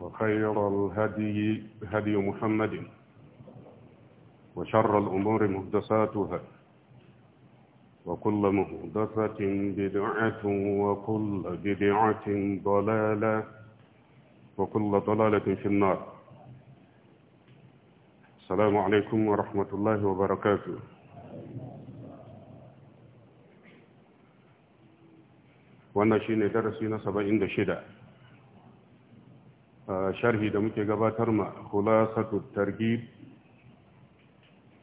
وخير الهدي هدي محمد وشر الأمور مهدساتها وكل مهدسة بدعة وكل بدعة ضلالة وكل ضلالة في النار السلام عليكم ورحمة الله وبركاته وانا shine darasi na 76 sharhi da muke gabatar ma khulasatu targhib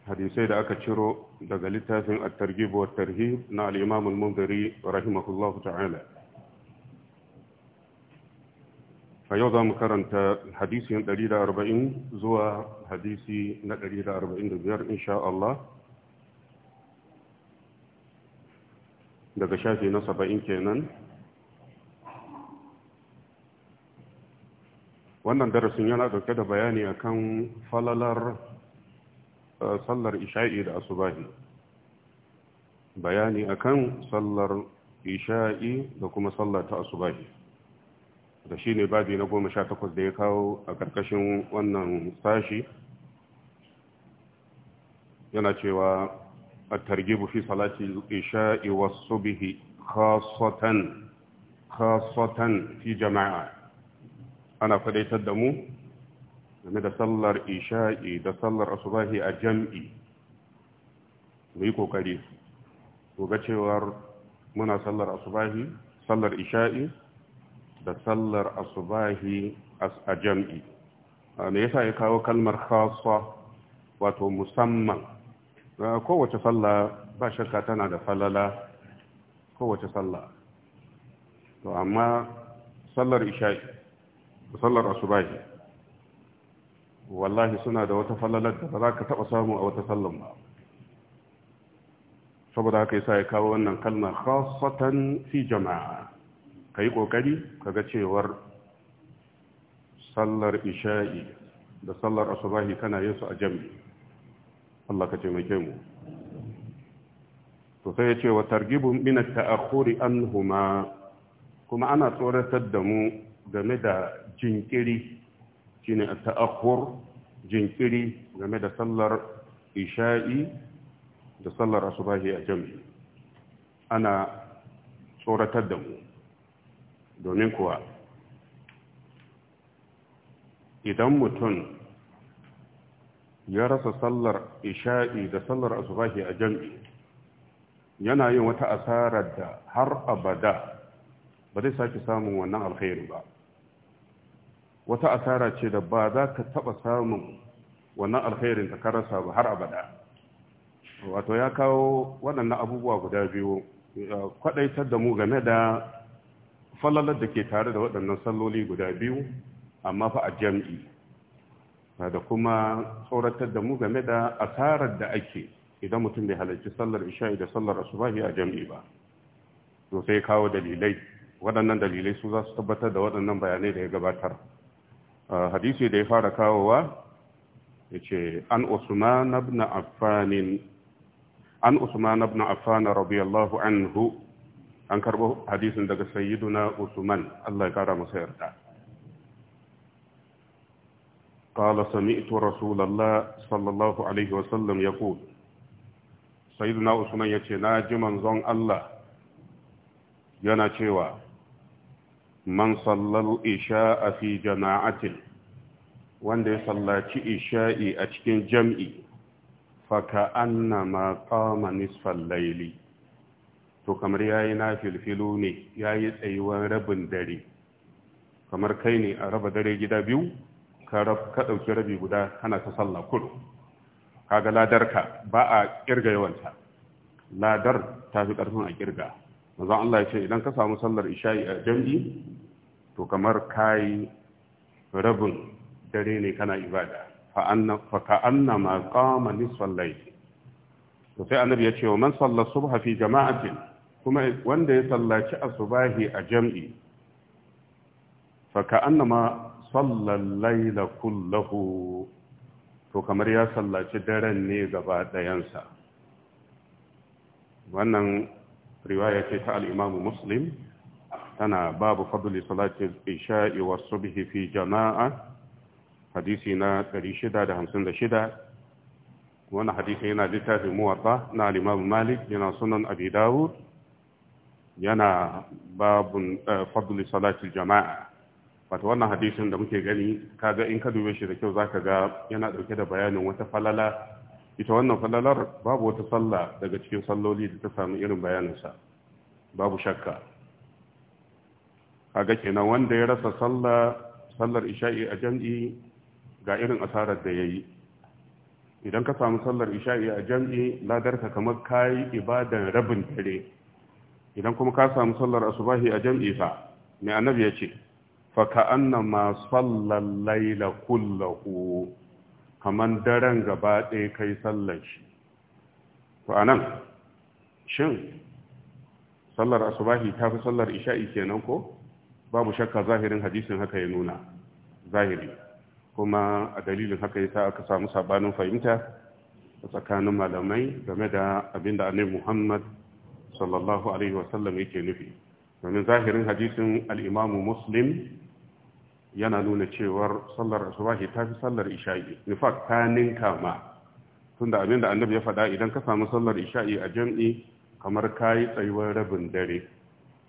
hadisai da aka ciro daga littafin at-targhib wa tarhib na al-imam al-munziri rahimahullahu ta'ala a yau za mu karanta hadisin 140 zuwa hadisi na 145 insha Allah daga shafi na 70 kenan wannan darasin yana dauke da bayani akan falalar eh, sallar isha'i da asubahi bayani akan sallar isha'i da kuma sallar ta asubahi da shi ne babi na goma sha takwas da ya kawo a ƙarƙashin wannan sashi yana cewa a targibu fi salati isha'i wasu bihi khasatan fi jama'a ana faɗaitar da mu game da sallar isha'i da sallar asubahi a jam'i mu kokari to ga cewar muna sallar asubahi sallar isha'i da sallar asubahi a jam'i ne yasa ya kawo kalmar khassa wato musamman kowace sallah ba shakka tana da falala kowace sallah to amma sallar isha'i sallar asubahi wallahi suna da wata falalar da ba za ka taɓa samu a wata sallan ba saboda haka yasa ya kawo wannan kalmar khasatan fi jama'a ka yi ƙoƙari ka ga cewar sallar isha'i da sallar asubahi kana yin su a jami Allah ka taimake mu to sai ya ce wa targibun min taakhuri anhuma kuma ana tsoratar da mu game da jinkiri shine ta'akhur jinkiri game da sallar isha'i da sallar asubahi a jami'i ana tsoratar da mu domin kuwa idan mutum ya rasa sallar isha'i da sallar asubahi a jam'i yana yin wata asarar da har abada ba zai sake samun wannan alkhairu ba wata asara ce da ba za ka taɓa samun wannan alkhairin ka karasa ba har abada wato ya kawo waɗannan abubuwa guda biyu kwaɗaitar da mu game da falalar da ke tare da waɗannan salloli guda biyu amma fa a jam'i da kuma tsoratar da mu game da asarar da ake idan mutum bai halarci sallar isha'i da sallar asubahi a jam'i ba to sai kawo dalilai waɗannan dalilai su za su tabbatar da waɗannan bayanai da ya gabatar hadisi da ya fara kawowa ya ce an usman ibn affanin an usman ibn rabi radiyallahu anhu an karbo hadisin daga sayyiduna usman Allah ya kara masa yarda قال سمعت رسول الله صلى الله عليه وسلم يقول سيدنا عثمان يتي ناجي منزون الله yana cewa man sallal isha'a fi jama'atin wanda ya sallaci isha'i a cikin jam'i faka annama qama nisfal layli to kamar yayi na filfilu ne yayi tsayuwar rabin dare kamar kai ne a raba dare gida biyu ka ka dauki rabi guda kana ta sallah kullu kaga ladarka ba a kirga yawanta ladar ta fi karfin a kirga manzon Allah ya ce idan ka samu sallar isha'i a jam'i to kamar yi rabin dare ne kana ibada fa ka anna ma qama nisfal layl to sai annabi ya ce wa man salla subha fi jama'atin kuma wanda ya sallaci asubahi a jam'i fa ka anna ma sallar layla kullahu to kamar ya sallaci daren ne gaba ɗayansa. wannan riwaya ce ta al'imamu muslim tana babu fadli salatin isha'i wa subhi fi jama'a hadisi na 656 wani hadisi yana littafin muwata na al'imamu malik yana sunan abi dawud yana babun eh, fadli salatin jama'a wata wannan hadisin da muke gani kaga in ka dube shi da kyau za ka ga yana ɗauke da bayanin wata falala ita wannan falalar babu wata sallah daga cikin salloli da ta samu irin bayaninsa babu shakka ga kenan wanda ya rasa sallah sallar isha'i a jam'i ga irin asarar da ya yi, idan ka samu sallar isha'i a jam'i ladarka kamar kayi ibadan rabin dare idan kuma ka samu sallar asubahi a jam'i fa mai annabi ya ce fa ka'annama sallar laila kullahu kamar daren gaba ɗaya kai sallar shi to anan shin sallar asubahi ta fi sallar isha'i kenan ko babu shakka zahirin hadisin haka ya nuna zahiri kuma a dalilin haka ya sa aka samu sabanin fahimta a tsakanin malamai game da abinda annabi Muhammad sallallahu alaihi wasallam yake nufi domin zahirin hadisin al'imamu Muslim yana nuna cewar sallar asubahi ta fi sallar isha'i nifaq ta ninka ma tunda abin da annabi ya faɗa idan ka samu sallar isha'i a jam'i kamar ka yi tsayuwar rabin dare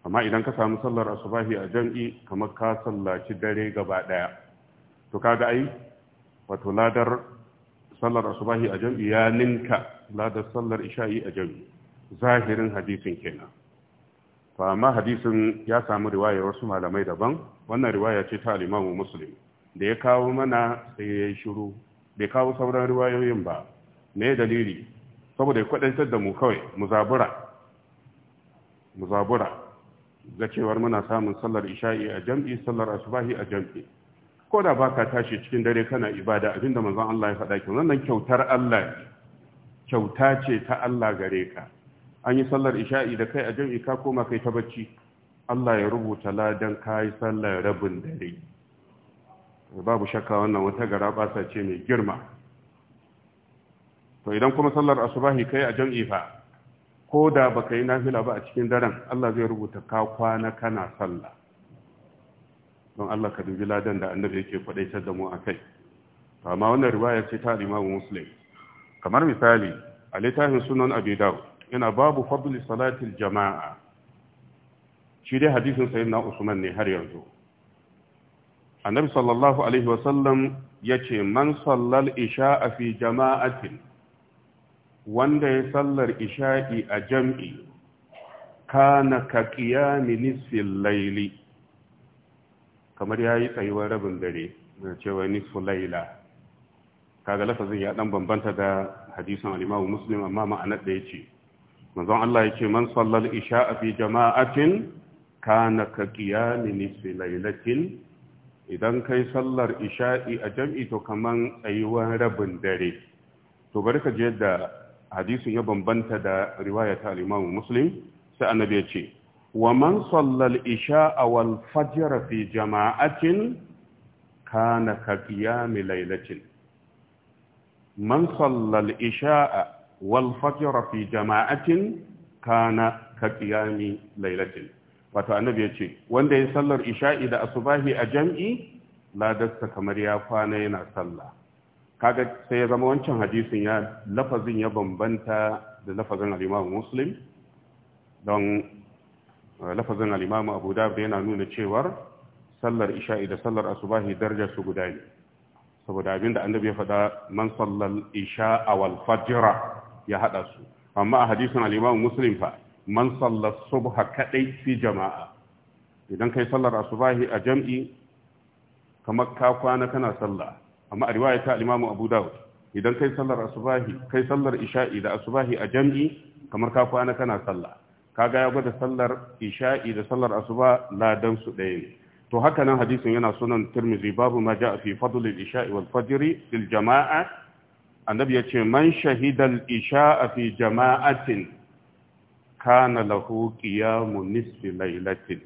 amma idan ka samu sallar asubahi a jam'i kamar ka sallaci dare gaba ɗaya to kaga ai wato ladar sallar asubahi a jam'i ya ninka ladar sallar isha'i a jam'i zahirin hadisin kenan fa amma hadisin ya samu riwayar wasu malamai daban wannan riwaya ce ta alimamu muslim da ya kawo mana sai ya yi shiru bai kawo sauran riwayoyin ba me dalili saboda ya kwadantar da mu kawai muzabura muzabura ga cewar muna samun sallar isha'i a jam'i sallar asubahi a jam'i ko da baka tashi cikin dare kana ibada abinda manzon Allah ya faɗa ki wannan kyautar Allah kyauta ce ta Allah gare ka an yi sallar isha'i da kai a jam'i ka koma kai ta bacci Allah ya rubuta ladan kayi sallar rabin dare babu shakka wannan wata gara basa ce mai girma to idan kuma sallar asubahi kai a jam'i fa ko da baka yi nafila ba a cikin daren Allah zai rubuta ka kwana kana sallah don Allah ka dubi ladan da annabi yake kwadaitar da mu a kai. amma wannan riwaya ce ta Imam Muslim kamar misali a littafin sunan Abi Dawud yana babu fadli salatil jama'a shi dai hadisin sayyidina Usman ne har yanzu annabi sallallahu alaihi wasallam ce man sallal isha'a fi jama'atin wanda ya sallar isha'i a jam'i kana ka qiyami nisfil layli kamar yayi tsayuwar rabin dare da cewa nisfu layla kaga lafazin ya dan bambanta da hadisin al-Imam Muslim amma ma'anar da yace manzon Allah ya ce man sallal isha'a fi jama'atin kana ka qiyami nisfi lailatin idan kai sallar isha'i a jam'i to kaman tsayuwan rabin dare to bari ka je da hadisin ya bambanta da riwaya ta al Muslim sai annabi ya ce wa man sallal isha'a wal fajr fi jama'atin kana ka qiyami lailatin man sallal isha'a wal fajr fi jama'atin kana ka qiyami lailatin wato annabi ya ce wanda ya sallar isha'i da asubahi a jam'i ladarsa kamar ya kwana yana sallah kaga sai ya zama wancan hadisin ya lafazin ya bambanta da lafazin al-Imam Muslim don eh, lafazin al-Imam Abu Dawud yana nuna cewar sallar isha'i da sallar asubahi darajar su guda ne saboda abinda annabi ya faɗa man sallar isha'a wal fajra ya haɗa su amma a hadisin al Muslim fa man salla subha kaɗai fi jama'a idan kai sallar asubahi a jam'i kamar ka kwana kana sallah amma a riwaya ta al Abu Dawud idan kai sallar asubahi kai sallar isha'i da asubahi a jam'i kamar ka kwana kana sallah kaga ya gwada sallar isha'i da sallar asuba ladan su ɗaya ne to haka nan hadisin yana sunan Tirmidhi babu ma ja'a fi fadl al-isha'i wal fajr lil jama'a annabi ya ce man shahidal a fi jama'atin kana lahu qiyamu nisfi lailatin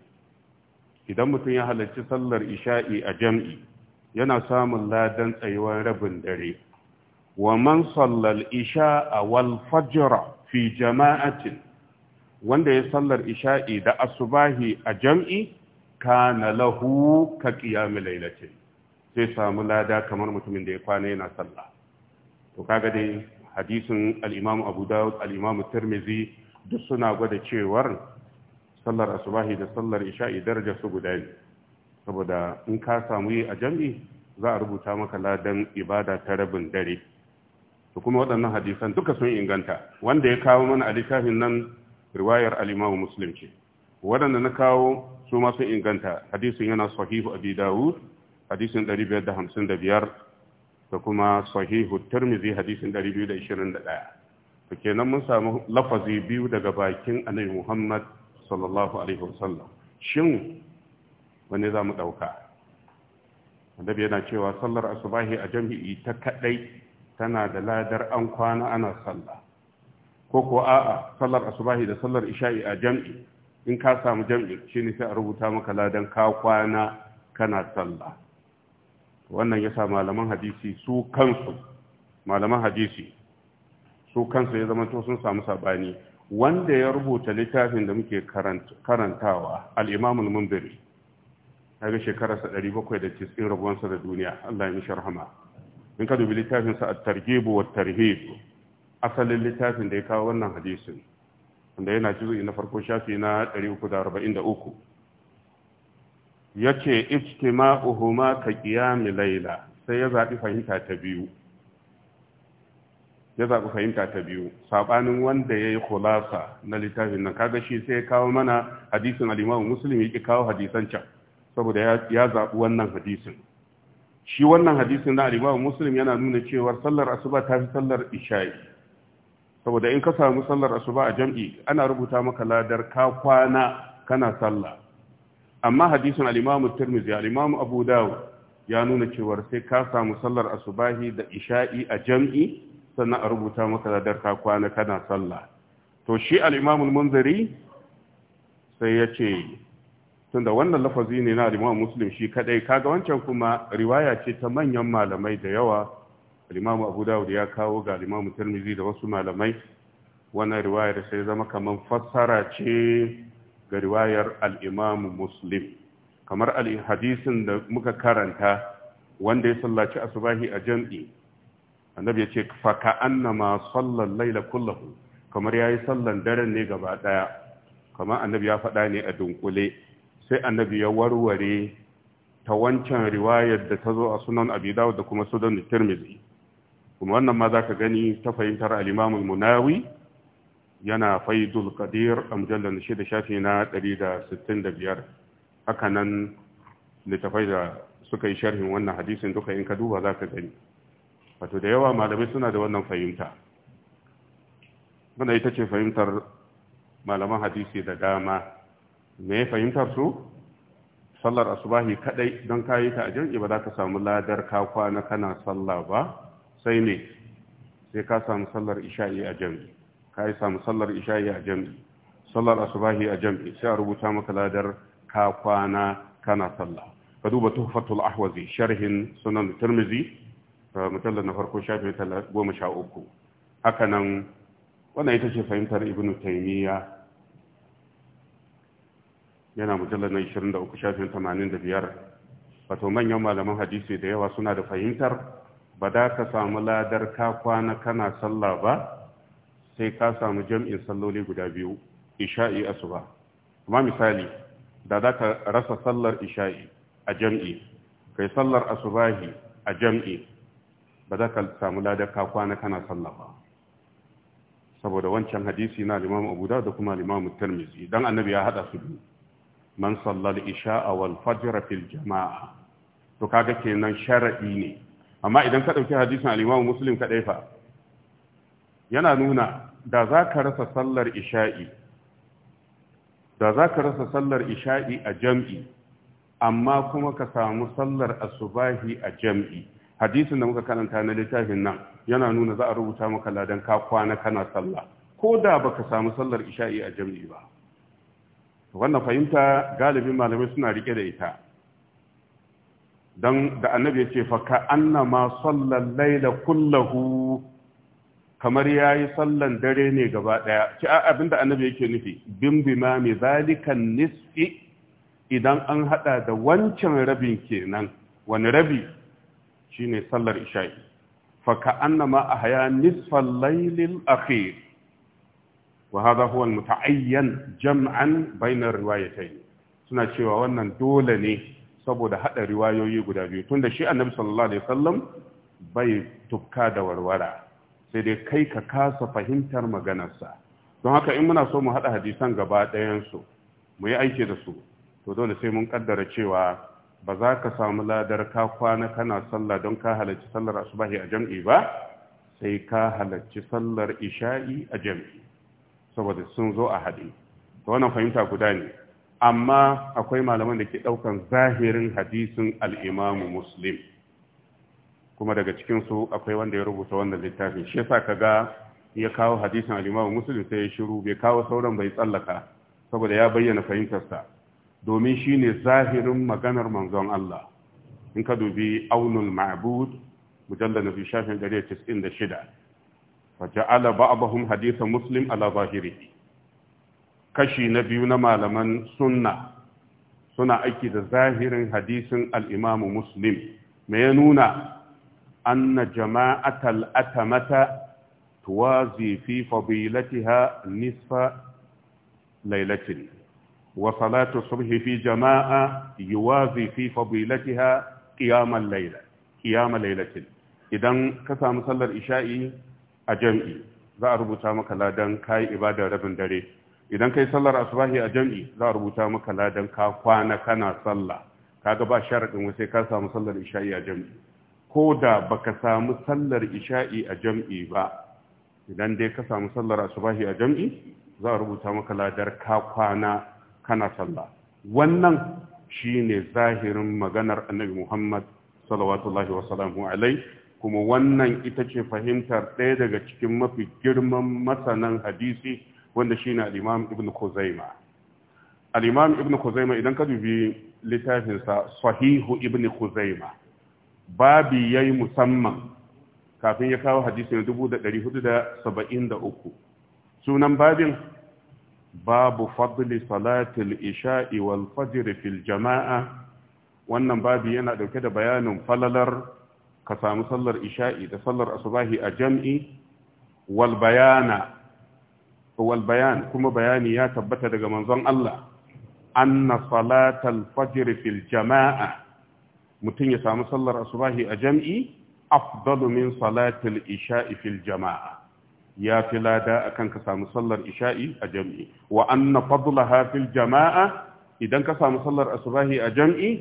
idan mutum ya halarci sallar isha'i a jam'i yana samun ladan tsayuwar rabin dare wa man sallal a wal fajra fi jama'atin wanda ya sallar isha'i da asubahi a jam'i kana lahu ka qiyamul lailatin sai samu lada kamar mutumin da ya kwana yana sallah to kaga dai hadisin al-Imam Abu Dawud al-Imam duk suna gwada cewar sallar asubahi da sallar isha'i daraja su guda ne saboda in ka samu yi a jam'i za a rubuta maka ladan ibada ta rabin dare to kuma waɗannan hadisan duka sun inganta wanda ya kawo mana a littafin nan riwayar al-Imam Muslim ce waɗanda na kawo su ma sun inganta hadisin yana sahihu abi Dawud hadisin 555 da kuma sahihu tirmizi hadisin 221 to kenan mun samu lafazi biyu daga bakin annabi Muhammad sallallahu alaihi wasallam shin wanne za mu dauka annabi yana cewa sallar asubahi a jami'i ta kadai tana da ladar an kwana ana sallah ko ko a'a sallar asubahi da sallar isha'i a jami'i in ka samu jam'i shine sai a rubuta maka ladan ka kwana kana sallah wannan yasa malaman hadisi su kansu malaman hadisi su kansu ya zama sun samu sabani wanda ya rubuta littafin da muke karantawa al Mumbiri, mundiri daga shekararsa 790 rabuwansa da duniya Allah ya mishi rahama in ka dubi littafinsa at-targhib wa tarhib asalin littafin da ya kawo wannan hadisin wanda yana juzu na farko shafi na 343 yace ijtima'uhuma ka qiyami layla sai ya zabi fahimta ta biyu ya zabi fahimta ta biyu sabanin wanda yayi khulasa na littafin nan kaga shi sai ya kawo mana hadisin al-Imam Muslim yake kawo hadisan can saboda ya zabi wannan hadisin shi wannan hadisin na al-Imam Muslim yana nuna cewa sallar asuba ta fi sallar isha'i saboda in ka samu sallar asuba a jam'i ana rubuta maka ladar ka kwana kana sallah amma hadisin al turmizi, tirmidhi al abu dawud ya nuna cewa sai ka samu sallar asubahi da isha'i a jam'i sannan a rubuta maka da ka kwana kana sallah to shi al munzari al sai ya ce tunda wannan lafazi ne na al-imamu muslim shi kadai kaga wancan kuma riwaya ce ta manyan malamai da yawa al abu dawud ya kawo ga al turmizi tirmidhi da wasu malamai wannan riwayar sai zama kamar fassara ce ga riwayar al'imamu muslim kamar hadisin da muka karanta wanda ya sallaci asubahi a jam'i annabi ya ce faka annama sallan laila kullahu kamar ya yi sallan daren ne gaba ɗaya kamar annabi ya faɗa ne a dunkule sai annabi ya warware ta wancan riwayar da ta zo a sunan abidawa da kuma sunan tirmidhi kuma wannan ma za ka gani ta fahimtar al munawi yana faidul qadir a mujallar shida shafi na 165 haka nan littafai da suka yi sharhin wannan hadisin duka in ka duba za ka gani wato da yawa malamai suna da wannan fahimta wanda ita ce fahimtar malaman hadisi da dama me fahimtar su sallar asubahi kadai don kayi ta a jirgi ba za ka samu ladar ka kwana kana sallah ba sai ne sai ka samu sallar isha'i a jirgi ka yi samu sallar isha'i a jam'i sallar asubahi a jam'i sai a rubuta maka ladar ka kwana kana sallah ka duba tuhfatul ahwazi sharhin sunan tirmizi eh, mutallar na farko shafi goma sha uku haka nan wannan ita ce fahimtar Ibn taimiyya yana mujallar na 23 shafin 85 wato manyan malaman hadisi da yawa suna da fahimtar ba da ka samu ladar ka kwana kana sallah ba sai ka samu jam'in salloli guda biyu isha'i asuba kuma misali da za ka rasa sallar isha'i a jam'i kai sallar asubahi a jam'i ba za ka samu ladar ka kwana kana sallah ba saboda wancan hadisi na limamu abu da da kuma limamu tarmizi Idan annabi ya haɗa su biyu man sallar isha'a wal fajr fil jama'a to kaga kenan sharaɗi ne amma idan ka ɗauki hadisin alimamu muslim ka fa yana nuna da za ka rasa sallar isha'i da za ka rasa sallar isha'i a jam'i amma kuma ka samu sallar asubahi a jam'i hadisin da muka karanta na littafin nan yana nuna za a rubuta maka ladan ka kwana kana sallah ko da baka samu sallar isha'i a jam'i ba wannan fahimta galibin malamai suna rike da ita don da annabi ya ce faka annama sallar laila kullahu kamar ya yi sallan dare ne gaba ɗaya ki abinda annabi yake nufi bin bima mai zalikan nisfi idan an hada da wancan rabin kenan wani rabi shine sallar isha'i fa ka annama ahya nisfal laylil akhir wa hadha huwa al mutaayyan jam'an bayna riwayatayn suna cewa wannan dole ne saboda hada riwayoyi guda biyu tunda shi annabi sallallahu alaihi wasallam bai tufka da warwara sai dai kai ka kasa fahimtar maganarsa don haka in muna so mu haɗa hadisan gaba ɗayansu mu yi aiki da su to dole sai mun ƙaddara cewa ba za ka samu ladar ka kwana kana sallah don ka halarci sallar asubahi a jam'i ba sai ka halarci sallar isha'i a jam'i saboda sun zo a haɗe to wannan fahimta guda ne amma akwai malaman da ke ɗaukan zahirin hadisin al'imamu muslim kuma daga cikinsu akwai wanda ya rubuta wannan littafin shi yasa kaga ya kawo hadisin al-Imam Muslim sai ya shiru bai kawo sauran bai tsallaka saboda ya bayyana fahimtarsa domin shine zahirin maganar manzon Allah in ka dubi aunul ma'bud mujallal na shafin 196 fa ja'ala ba'dahum hadithan muslim ala zahiri kashi na biyu na malaman sunna suna aiki da zahirin hadisin al-Imam Muslim me ya nuna أن جماعة الأتمة توازي في فضيلتها نصف ليلة وصلاة الصبح في جماعة يوازي في فضيلتها قيام الليلة قيام ليلة إذا كسا مصلى الإشاء أجمعي za a rubuta maka ladan ka yi ibadar rabin dare idan kai sallar asubahi a jam'i za a rubuta maka ladan ka kwana kana sallah kaga ba sharadin sai ka samu sallar isha'i a jam'i ko da baka samu sallar isha'i a jam'i ba idan dai ka samu sallar asubahi a jam'i za a rubuta maka ladar ka kwana kana sallah wannan shine zahirin maganar annabi Muhammad salawatullahi wasalamu alai kuma wannan ita ce fahimtar ɗaya daga cikin mafi girman masanan hadisi wanda shine al-Imam Ibn Kuzaima. al Ibn Kuzaima idan ka dubi littafinsa Sahihu Ibn Kuzaima. babi ya yi musamman kafin ya kawo hadisi na 473 sunan babin babu fadli Salatul isha'i wal fajr fil jama'a wannan babi yana dauke da bayanin falalar ka samu sallar isha'i da sallar asubahi a jam'i wal bayana wal bayan kuma bayani ya tabbata daga manzon Allah anna Salatul fajr fil jama'a mutum ya samu sallar asubahi a jam'i afdalu min salatil isha'i fil jama'a ya fi lada kan ka samu sallar isha'i a jam'i wa anna fadlaha fil jama'a idan ka samu sallar asubahi a jam'i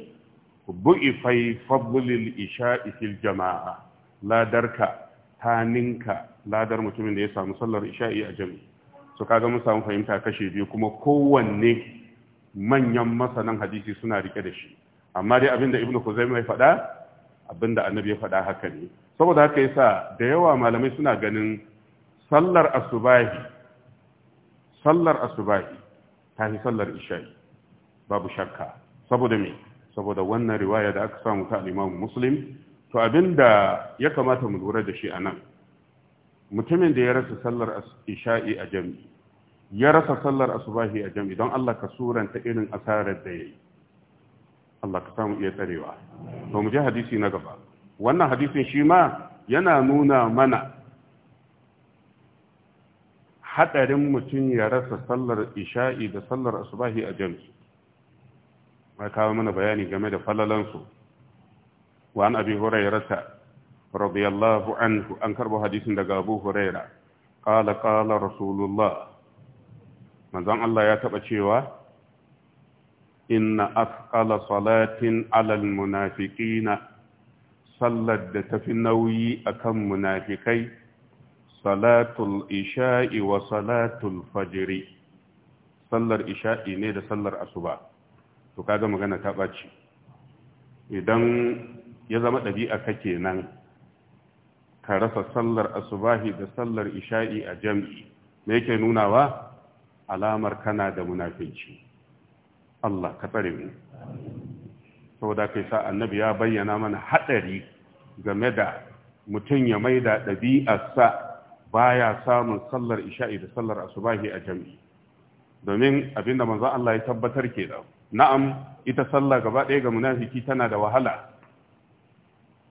bu'ifai fadlil isha'i fil jama'a ladarka ta ninka ladar mutumin da ya samu sallar isha'i a jam'i ka kaga mun samu fahimta kashe biyu kuma kowanne manyan masanan hadisi suna rike da shi amma dai abinda ibn kuzaima ya faɗa abinda annabi ya faɗa haka ne saboda haka yasa da yawa malamai suna ganin sallar asubahi sallar asubahi ta fi sallar isha'i babu shakka saboda me saboda wannan riwaya da aka samu ta al Muslim to abinda ya kamata mu lura da shi a nan, mutumin da ya rasa sallar isha'i a jami'i ya rasa sallar asubahi a jami'i don Allah ka suranta irin asarar da yayi Allah ka samu iya tsarewa to mu ji hadisi na gaba wannan hadisin shi ma yana nuna mana hadarin mutum ya rasa sallar isha'i da sallar asubahi a jami'i ma kawo mana bayani game da falalansu wa an abi hurairata radiyallahu anhu an karbo hadisin daga abu huraira qala qala rasulullah manzon Allah ya taba cewa inna asqala salatin alal munafiqina sallar da tafi nauyi a kan munafikai salatul isha'i wa salatul fajiri sallar isha'i ne da sallar asuba to kaga magana ta ɓaci idan ya zama ɗabi'a kake nan ka rasa sallar asubahi da sallar isha'i a jam'i me yake nunawa alamar kana da munafinci Allah ka tsare mu saboda kai sa annabi ya bayyana mana hadari game da mutum ya maida ɗabi'arsa baya samun sallar isha'i da sallar asubahi a jami'i domin abinda manzo Allah ya tabbatar ke da na'am ita sallah gaba ɗaya ga munafiki tana da wahala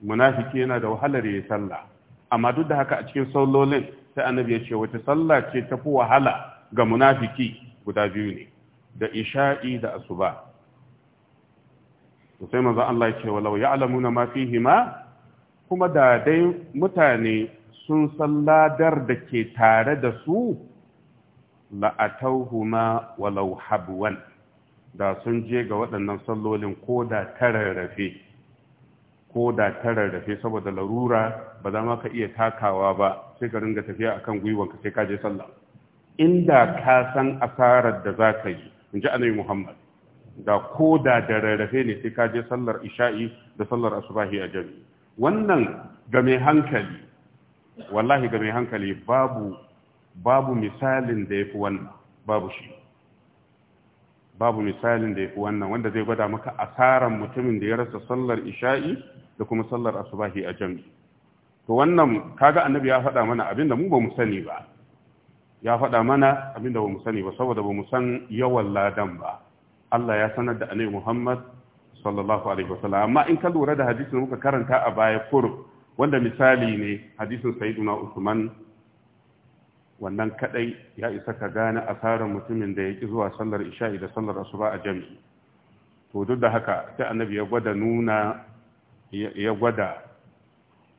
munafiki yana da wahalar ya sallah amma duk da haka a cikin sallolin sai annabi ya ce wata sallah ce tafi wahala ga munafiki guda biyu ne da isha'i da asuba sai manzo Allah ce walau ya'lamuna ma fihi ma kuma da dai mutane sun salladar da ke tare da su la'atauhuma walau habwan da sun je ga waɗannan sallolin ko da tararrafe ko da tararrafe saboda larura ba za ma ka iya takawa ba sai ka ringa tafiya akan gwiwanka sai ka je sallah inda ka san asarar da za ka yi in ji annabi muhammad da ko da da rarrafe ne sai ka je sallar isha'i da sallar asubahi a Jami. wannan ga mai hankali wallahi ga mai hankali babu babu misalin da fi wannan babu shi babu misalin da fi wannan wanda zai gwada maka asaran mutumin da ya rasa sallar isha'i da kuma sallar asubahi a Jami. to wannan kaga annabi ya faɗa mana abinda mu ba mu sani ba ya faɗa mana da ba mu sani ba saboda ba mu san yawan ladan ba Allah ya sanar da Annabi Muhammad sallallahu alaihi wasallam amma in ka lura da hadisin muka karanta a baya kur wanda misali ne hadisin Sayyiduna Usman wannan kadai ya isa ka gane asarar mutumin da yaki zuwa sallar isha'i da sallar asuba a jami'i to duk da haka sai annabi ya gwada nuna ya gwada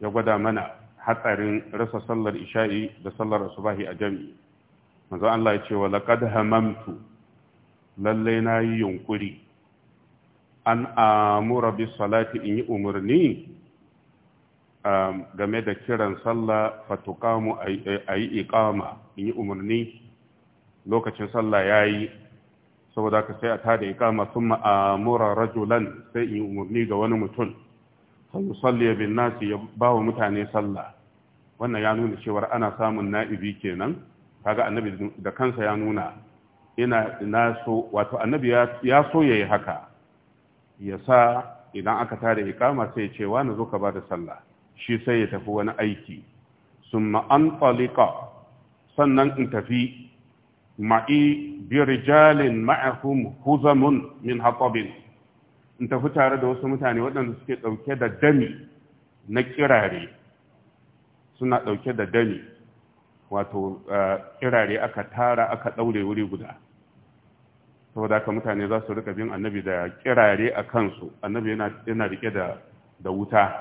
ya gwada mana hatsarin rasa sallar isha'i da sallar asubahi a jami'i manzo Allah ya ce wa laqad hamamtu Lallai na yi yunkuri an amura bi salati in yi umarni um, game da kiran sallah fatukamu ayi iqama in yi umarni lokacin sallah yayi saboda ka sai a tada iqama thumma amura rajulan sai in yi umarni ga wani mutum fa yusalli bin nasi ya bawa mutane sallah wannan ya nuna cewar ana samun na'ibi kenan kaga annabi da kansa ya nuna ina na so wato annabi ya so yayi haka ya sa idan aka tada ikama sai ce na zo ka ba da sallah shi sai ya tafi wani aiki summa an talika sannan in tafi ma'i bi rijalin ma'ahum huzamun min hatabin in tafi tare da wasu mutane waɗanda suke ɗauke da dami na kirare suna ɗauke da dami wato eh, kirare aka tara aka daure wuri guda saboda haka mutane za su rika bin annabi da kirare a kansu annabi yana rike da da wuta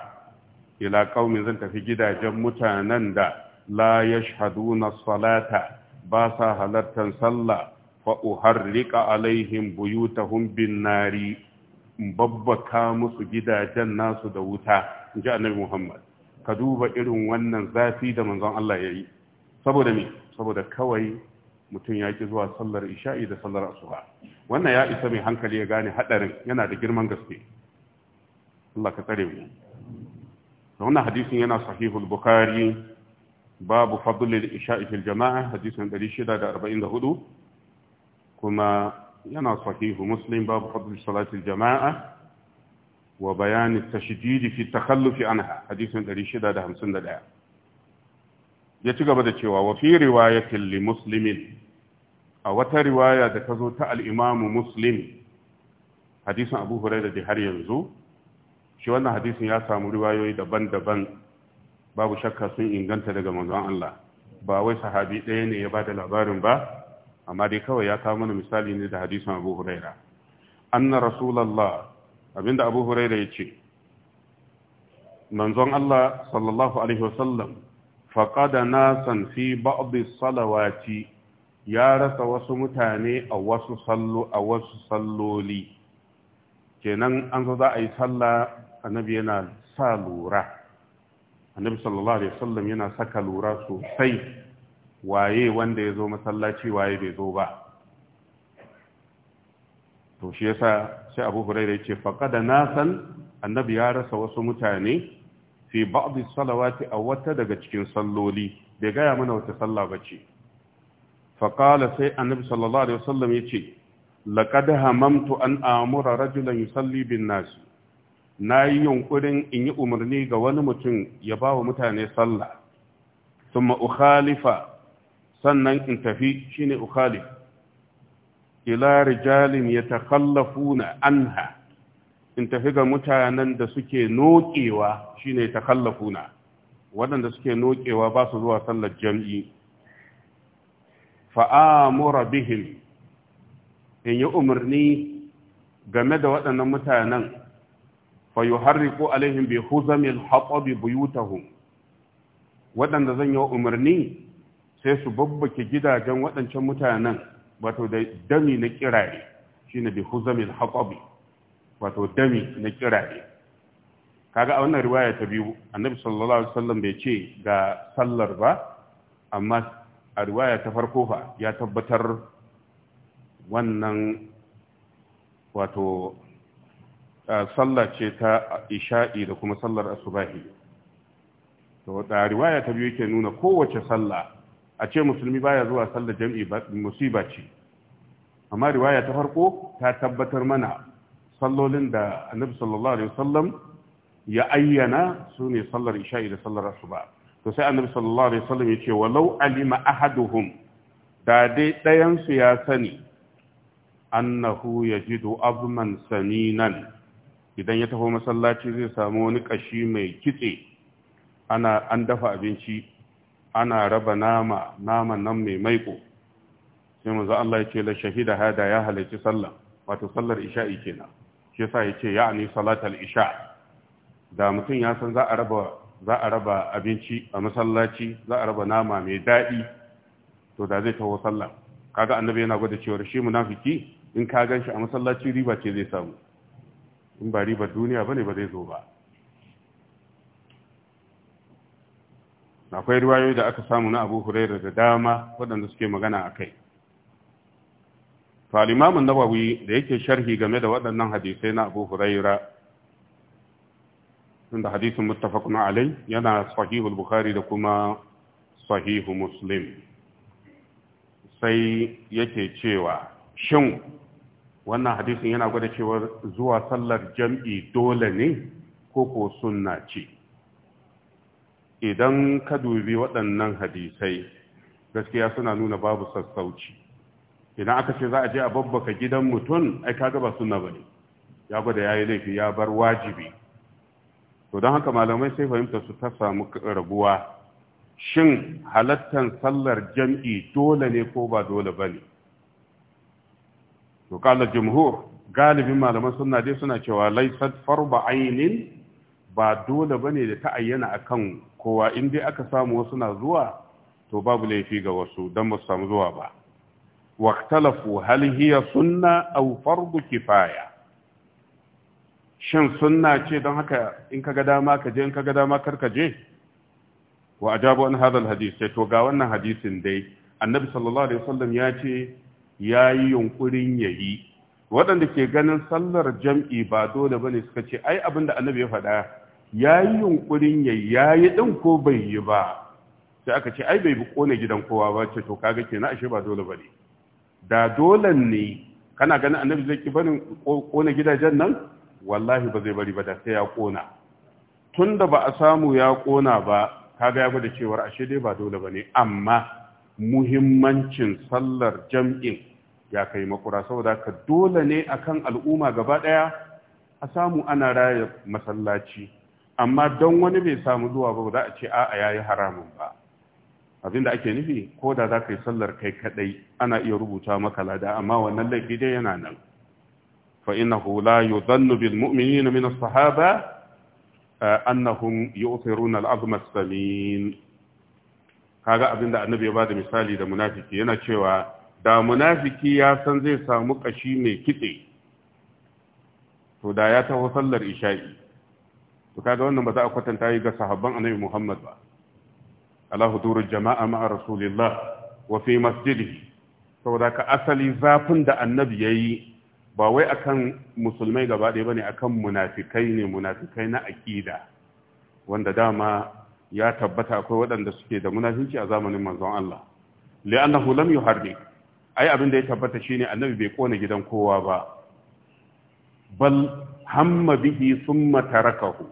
ila kaumin zan tafi gidajen mutanen da la yashhaduna salata ba sa halartar sallah fa uharrika alaihim buyutahum bin nari babbaka musu gidajen nasu da wuta inji annabi Muhammad ka duba irin wannan zafi da manzon Allah ya yi saboda me saboda kawai mutum ya ki zuwa sallar isha'i da sallar asuba wannan ya isa mai hankali ya gane hadarin yana da girman gaske Allah ka tsare mu da wannan hadisin yana sahihul bukhari babu fadlil isha'i fil jama'a hadisin 644 kuma yana sahihu muslim babu fadlil salatil jama'a wa bayan at-tashdid fi at-takhalluf anha hadisin 651 ya ci gaba da cewa wa fi riwayatin li muslimin a wata riwaya da ta zo ta al'imamu muslim hadisin abu huraira da har yanzu shi wannan hadisin ya samu riwayoyi daban-daban babu shakka sun inganta daga manzon Allah ba wai sahabi ɗaya ne ya ba da labarin ba amma dai kawai ya kawo mana misali ne da hadisin abu huraira anna rasulallah abinda abu huraira ya ce manzon Allah sallallahu alaihi wasallam faƙada nasan fi ba'adis salawati ya rasa wasu mutane a wasu sallo a wasu kenan an zo za a yi sallah annabi yana sa lura annabi sallallahu alaihi wasallam yana saka lura sosai waye wanda ya zo masallaci waye bai zo ba to shi yasa sai abu hurairah ya ce faqada nasan annabi ya rasa wasu mutane fi ba'dhi salawati a wata daga cikin salloli bai gaya mana wata sallah bace fa qala sai annabi sallallahu alaihi wasallam yace laqad hamamtu an amura rajulan yusalli bin nas nayi yunkurin in yi umarni ga wani mutum ya ba wa mutane sallah thumma ukhalifa sannan in tafi shine ukhalif ila rijalin yatakhallafuna anha in tafi ga mutanen da suke nokewa shine kallafuna waɗanda suke nokewa ba su zuwa sallar jam'i fa'amura bihim in yi umarni game da waɗannan mutanen fa yi harriku alaihim bi huzamil haƙobi buyutahum waɗanda zan yi umarni sai su babbake gidajen waɗancan mutanen wato da dami na kirare shine bi huzamil haƙobi wato dami na kirare kaga a wannan riwaya ta biyu annabi sallallahu alaihi wasallam bai ce ga sallar ba amma a riwaya ta farko fa ya tabbatar wannan wato sallah ce ta isha'i da kuma sallar asubahi to da riwaya ta biyu ke nuna kowace sallah a ce musulmi baya zuwa sallar jami'i musiba ce amma riwaya ta farko ta tabbatar mana sallolin da annabi sallallahu alaihi wasallam ya ayyana su ne sallar isha'i da sallar asuba to sai annabi sallallahu alaihi wasallam ya ce walau alima ahaduhum da dai ɗayan su ya sani annahu yajidu abman saninan idan ya taho masallaci zai samu wani kashi mai kitse ana an dafa abinci ana raba nama naman nan mai maiko sai manzo Allah ya ce la shahida hada ya halarci sallah wato sallar isha'i kenan ke sa ya ce ya'ani salatal isha da mutum ya san za a raba za a raba abinci a masallaci za a raba nama mai daɗi to da zai taho sallah kaga annabi yana gwada cewa shi munafiki in ka gan shi a masallaci riba ce zai samu in ba ribar duniya bane ba zai zo ba akwai riwayoyi da aka samu na abu huraira da dama waɗanda suke magana a kai Falimamin nawawi da yake sharhi game da waɗannan hadisai na Abu Huraira inda hadisin muttafaqun alai yana sahihul bukhari da kuma sahihu muslim sai yake cewa shin wannan hadisin yana gwada cewa zuwa sallar jam'i dole ne ko ko sunna ce idan ka dubi waɗannan hadisai gaskiya suna nuna babu sassauci idan aka ce za a je a babbaka gidan mutum ai kaga ba sunna bane ya gwada yayi laifi ya bar wajibi to don haka malamai sai fahimta su ta samu rabuwa shin halattan sallar jam'i dole ne ko ba dole bane to kala jumhur galibin malaman sunna dai suna cewa laysat farba ainin ba dole bane da ta ayyana akan kowa in dai aka samu wasu na zuwa to babu laifi ga wasu don ba su samu zuwa ba واختلفوا هل هي سنة أو فرض كفاية shin سنة ce don haka in ka ga dama ka je in ka ga dama kar ka je wa ajabu an hadal hadis to ga wannan hadisin dai annabi sallallahu alaihi wasallam ya ce yayi yunkurin yayi waɗanda ke ganin sallar jam'i ba dole bane suka ce ai abin da annabi ya faɗa yayi yunkurin yayi yayi din ko bai yi ba sai aka ce ai bai bi kone gidan kowa ba ce to kaga kenan ashe ba dole bane da dole ne kana ganin annabi zai ki barin kona gidajen nan wallahi ba zai bari ba da sai ya kona tunda ba a samu ya kona ba kaga ya da cewar ashe dai ba dole bane amma muhimmancin sallar jam'in ya kai makura saboda ka dole ne akan al'umma gaba daya a samu ana raya masallaci amma don wani bai samu zuwa ba za a ce a'a yayi haramun ba Abin abinda ake nufi ko da za ka yi sallar kai kadai ana iya rubuta maka lada amma wannan laifi dai yana nan fa innahu la yudhannu bil mu'minina min as-sahaba eh, annahum yu'thiruna al-azma samin kaga da annabi ya da misali da munafiki yana cewa da munafiki ya san zai samu kashi mai kitse to da ya taho sallar isha'i to kaga wannan ba za a kwatanta yi ga sahabban annabi Muhammad ba ala hudurul jama'a ma'a rasulillah wa fi masjidihi saboda ka asali zafin da annabi yayi ba wai akan musulmai gaba ɗaya bane akan munafikai ne munafikai na aƙida wanda dama ya tabbata akwai waɗanda suke da munafinci a zamanin manzon Allah li'annahu lam yuharrik ai abin da ya tabbata shine annabi bai kona gidan kowa ba bal hamma bihi thumma tarakahu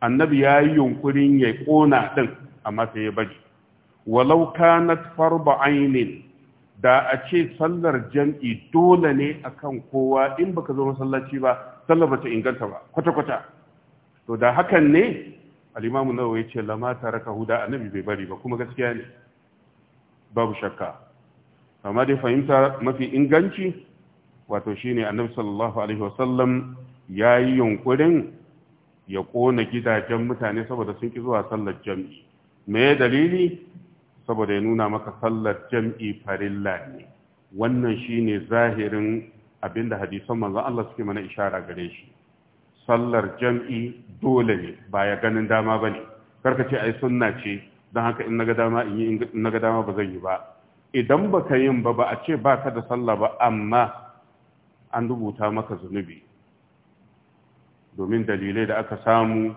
annabi ya yi yunkurin ya kona din amma sai ya bari walau kanat farba ainin da a ce sallar jam'i dole ne akan kowa in baka zo masallaci ba sallar bata inganta ba kwata-kwata to da hakan ne al'imamu nawa ya ce lama taraka huda annabi bai bari ba kuma gaskiya ne babu shakka amma dai fahimta mafi inganci wato shine annabi sallallahu alaihi wasallam yi yunkurin ya kona gidajen mutane saboda sun ki zuwa sallar jam'i. me dalili saboda ya nuna maka sallar jam'i farilla ne wannan shi ne zahirin abinda hadisan manzan Allah suke mana ishara gare shi sallar jam'i dole ne ba ya ganin dama ba ne karka ce ai sunna ce don haka in naga dama in yi in naga dama ba zan yi ba idan baka yin ba ba a ce baka da sallah ba amma an rubuta maka zunubi domin dalilai da aka samu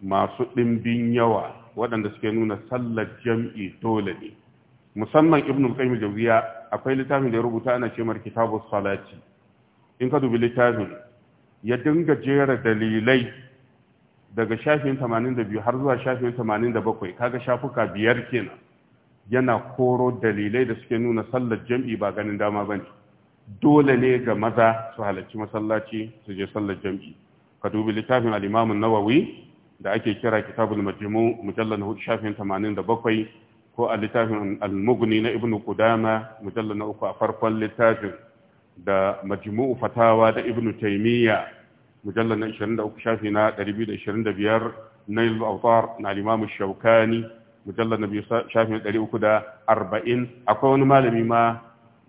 masu ɗimbin yawa waɗanda suke nuna sallar jam'i dole ne musamman ibnu qayyim akwai littafin da ya rubuta ana ce mar su salati in ka dubi littafin ya dinga jera dalilai daga shafin 82 har zuwa shafin 87 kaga shafuka biyar kenan yana koro dalilai da suke nuna sallar jam'i ba ganin dama bane dole ne ga maza su halarci masallaci su je sallar jam'i ka dubi littafin al-Imam an-Nawawi da ake kira kitabul majmu mujallal na shafin 87 ko a littafin al-mughni na ibnu qudama mujallal na uku a farkon littafin da majmu fatawa da ibnu taymiya mujallal na 23 shafi na 225 nail al-awtar na al-imam shaukani mujallal na shafi na 340 akwai wani malami ma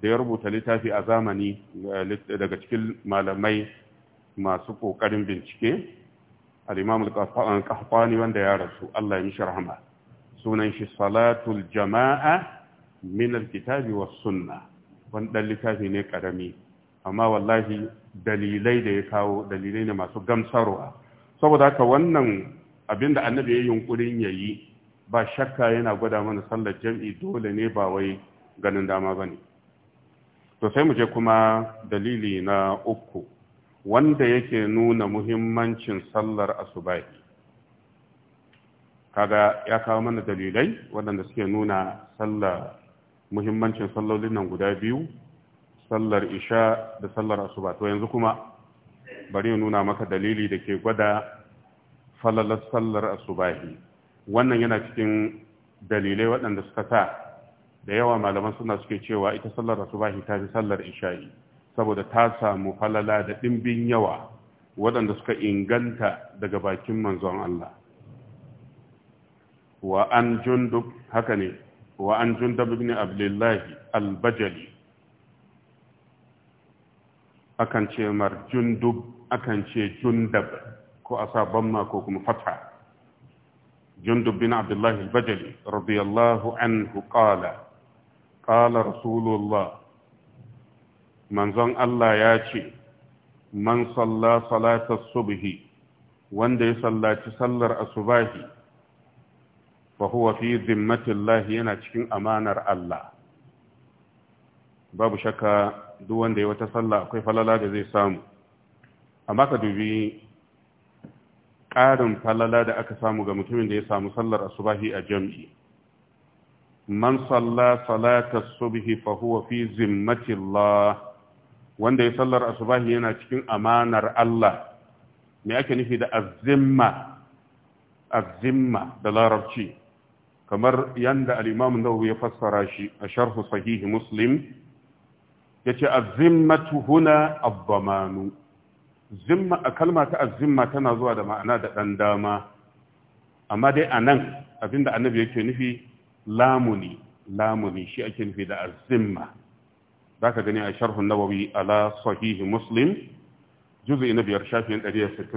da ya rubuta littafi a zamani eh, daga cikin malamai masu kokarin bincike al-imam al wanda ya rasu Allah ya mishi rahama sunan shi salatul jama'a min al-kitabi was Wani ɗan littafi ne karami amma wallahi dalilai da ya kawo dalilai ne masu gamsarwa saboda haka wannan abinda annabi ya yunkurin yayi ba shakka yana gwada mana sallar jam'i dole ne ba wai ganin dama bane to sai mu je kuma dalili na uku wanda yake nuna muhimmancin sallar asubahi kaga ya kawo mana dalilai waɗanda suke nuna sallar muhimmancin sallolin nan guda biyu sallar isha da sallar asuba to yanzu kuma bari ya nuna maka dalili da ke gwada falalar sallar asubahi wannan yana cikin dalilai waɗanda suka sa da yawa malaman suna suke cewa ita sallar asubahi ta fi sallar isha'i saboda ta samu falala da ɗimbin yawa waɗanda suka inganta daga bakin manzon Allah wa an jundub haka ne wa an jundub ibn abdullahi al-bajali akan ce mar jundub akan ce jundab ko a sa bamma ko kuma Fata. jundub bin abdullahi al-bajali radiyallahu anhu ƙala. Ƙala rasulullah manzon Allah ya ce man salla salatar subhi wanda ya sallaci sallar asubahi fa huwa fi zimmatillahi yana cikin amanar Allah babu shakka duk wanda ya wata sallah akwai falala da zai samu amma ka dubi ƙarin falala da aka samu ga mutumin da ya samu sallar asubahi a jam'i man salla salatar subhi fa huwa fi zimmatillah wanda ya sallar asubahi yana cikin amanar Allah me ake nufi da azimma azimma da larabci kamar yanda al-imam nawawi ya fassara shi a sharh sahih muslim yace azimmatu huna ad-damanu zimma a kalma ta azimma tana zuwa da ma'ana da dan dama amma dai anan abinda annabi yake nufi lamuni lamuni shi ake nufi da azimma za ka gani a sharhun nawawi ala sahihi muslim juzi na biyar shafin 164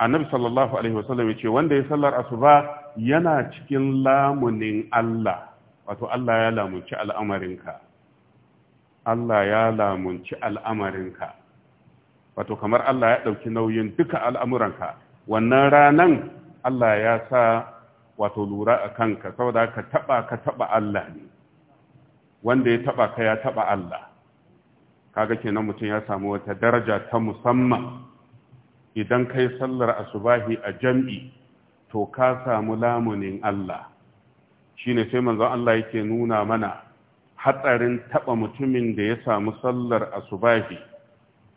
annabi sallallahu alaihi wasallam ya ce wanda ya sallar asuba yana cikin lamunin Allah wato Allah ya lamunci al'amarinka Allah ya lamunci al'amarinka wato kamar Allah ya ɗauki nauyin duka al'amuranka wannan ranan Allah ya sa wato lura a kanka saboda ka taɓa ka taɓa Allah ne wanda ya taba ka ya taba Allah kaga kenan mutum ya samu wata daraja ta musamman idan kai sallar asubahi a jam'i to ka samu lamunin Allah shine sai manzon Allah yake nuna mana hatsarin taba mutumin da ya samu sallar asubahi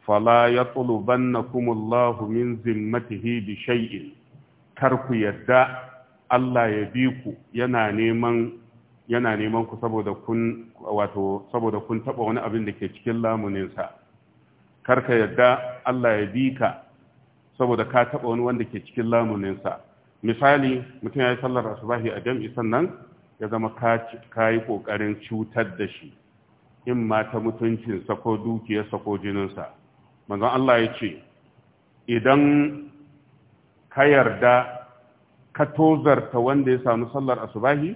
fala yatlubannakumullahu min zimmatihi bi shay'in kar ku yadda Allah ya bi ku yana neman yana neman ku saboda kun wato saboda kun taba wani abin da ke cikin lamuninsa karka yadda Allah ya bi ka saboda ka taba wani wanda ke cikin lamuninsa misali mutum ya yi sallar asubahi a jam'i sannan ya zama ka yi kokarin cutar da shi in ma ta mutuncinsa ko dukiyarsa ko jininsa manzon Allah ya ce idan ka yarda ka tozarta wanda ya samu sallar asubahi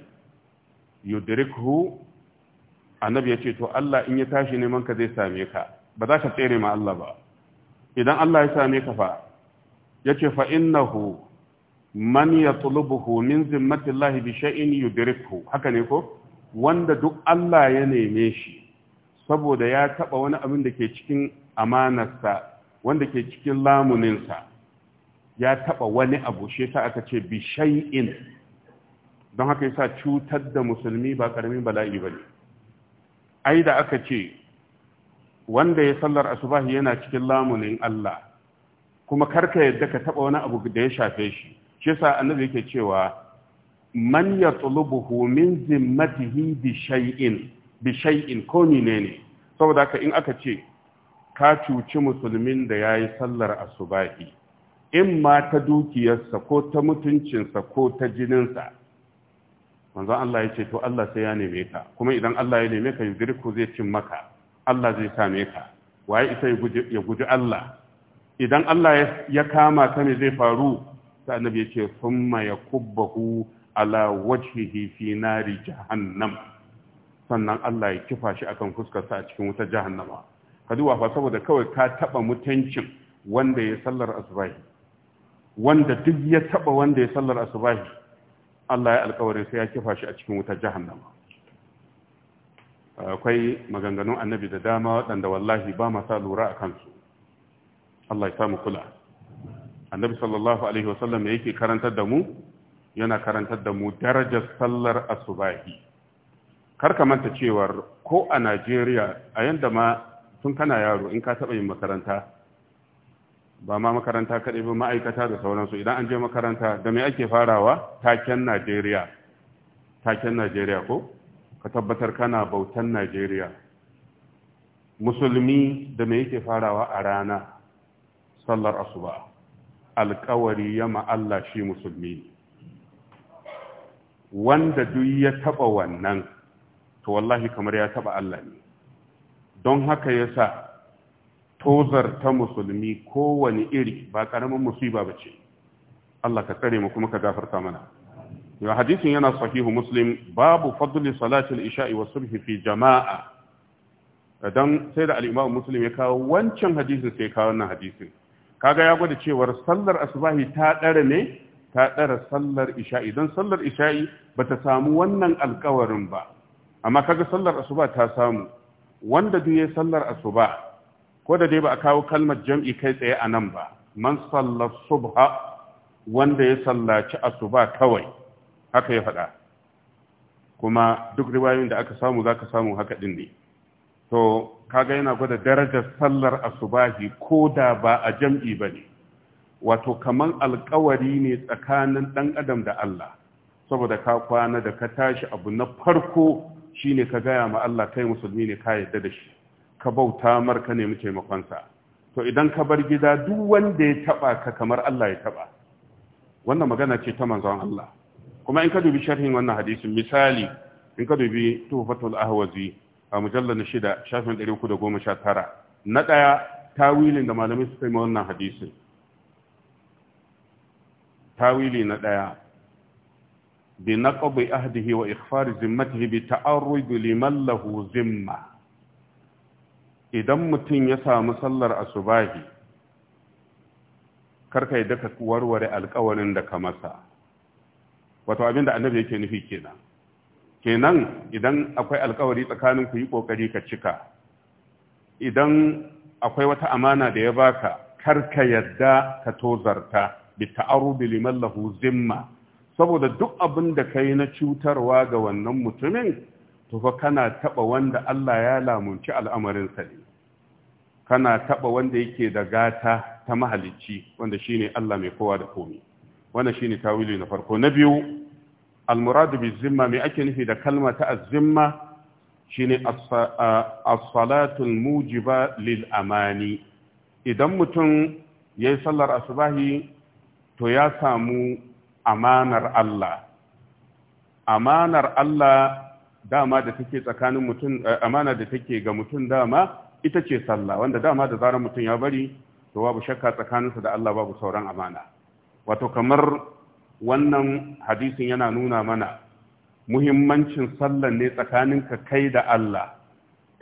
yudrikhu annabi yace to Allah in ya tashi neman ka zai same ka ba za ka tsere ma Allah ba idan Allah ya same ka fa yace fa innahu man yatlubuhu min zimmati Allah bi shay'in yudrikhu haka ne ko wanda duk Allah ya neme shi saboda ya taba wani abin da ke cikin amanarsa wanda ke cikin lamuninsa ya taba wani abu shi ta aka ce bi shay'in don haka yasa cutar da musulmi ba karamin bala'i ba ne. ai da aka ce wanda ya sallar asubahi yana cikin lamunin Allah kuma karka yadda ka taba wani abu da ya shafe shi shi yasa annabi yake cewa man yatlubuhu min zimmatihi bi shay'in bi shay'in ko menene saboda haka in aka ce ka cuci musulmin da yayi sallar asubahi in ma ta dukiyarsa ko ta mutuncinsa ko ta jininsa manzon Allah ya ce to Allah sai ya neme ka kuma idan Allah ya neme ka yudriku zai cin maka Allah zai same ka waye ita ya guji Allah idan Allah ya kama ka ne zai faru sai annabi ya ce thumma yakubbahu ala wajhihi fi nari jahannam sannan Allah ya kifa shi akan fuskarsa a cikin wutar jahannama ka duba fa saboda kawai ka taba mutuncin wanda ya sallar asubahi wanda duk ya taba wanda ya sallar asubahi Allah ya alkawarin sai ya kifa shi a cikin wutar jahannama akwai maganganun annabi da dama waɗanda wallahi ba masa lura a kansu Allah ya samu kula annabi sallallahu alaihi wasallam yake karantar da mu yana karantar da mu darajar sallar asubahi kar ka manta cewar ko a Najeriya a yadda ma tun kana yaro in ka taɓa yin makaranta ba ma makaranta kaɗai ba ma'aikata da sauransu idan an je makaranta da me ake farawa taken najeriya taken najeriya ko ka tabbatar kana bautan najeriya musulmi da mai yake farawa a rana sallar asuba alkawari ya ma'alla shi musulmi wanda duk ya taɓa wannan to wallahi kamar ya taɓa allah ne don haka ya sa ta musulmi kowane iri ba ƙaramin musiba ba ce Allah ka tsare mu kuma ka gafarta mana yau hadisin yana sahihu muslim babu fadli salatul isha'i wa subhi fi jama'a dan sai da al-imam muslim ya kawo wancan hadisin sai kawo wannan hadisin kaga ya gwada cewar sallar asbahi ta dare ne ta dare sallar isha'i dan sallar isha'i bata samu wannan alƙawarin ba amma kaga sallar asuba ta samu wanda duk yayin sallar asuba ko da dai ba a kawo kalmar jam'i kai tsaye a nan ba man sallar subha wanda ya sallaci asuba kawai haka ya faɗa kuma duk riwayoyin da aka samu za ka samu haka ɗin ne to kaga yana gwada darajar sallar asubahi ko da ba a jam'i ba ne wato kaman alkawari ne tsakanin ɗan adam da Allah saboda ka kwana da ka tashi abu na farko shi ne ka gaya ma Allah kai musulmi ne ka yarda da shi ka bauta mar ka nemi taimakonsa to idan ka bar gida duk wanda ya taba ka kamar Allah ya taba wannan magana ce ta manzon Allah kuma in ka dubi sharhin wannan hadisin misali in ka dubi tuhfatul ahwazi a mujallal shida shafin 319 na daya tawilin da malamai suka yi wannan hadisin tawili na daya bi naqbi ahdihi wa ikhfar zimmatihi bi ta'arrud liman lahu zimma idan mutum ya samu sallar asubahi karka yi daga warware alkawarin da ka masa wato abin da annabi yake nufi kenan kenan idan akwai alkawari tsakanin ku yi kokari ka cika idan akwai wata amana da ya baka karka yadda ka tozarta bi ta'arudi liman lahu zimma saboda duk abin da kai na cutarwa ga wannan mutumin to fa kana taba wanda Allah ya lamunci al'amarinsa ne kana taba wanda yake da gata ta mahalicci wanda ne Allah mai kowa da Wanda shi ne tawili na farko na biyu Almuradu murad bi zimma mai ake nufi da kalma ta azimma? Shi shine as-salatu mujiba lil amani idan mutum ya yi sallar asbahi to ya samu amanar Allah amanar Allah dama da take tsakanin mutum eh, amana da take ga mutum dama ita ce sallah wanda dama da zarar mutum ya bari to babu shakka tsakaninsa da Allah babu sauran amana wato kamar wannan hadisin yana nuna mana muhimmancin sallan ne tsakaninka kai da Allah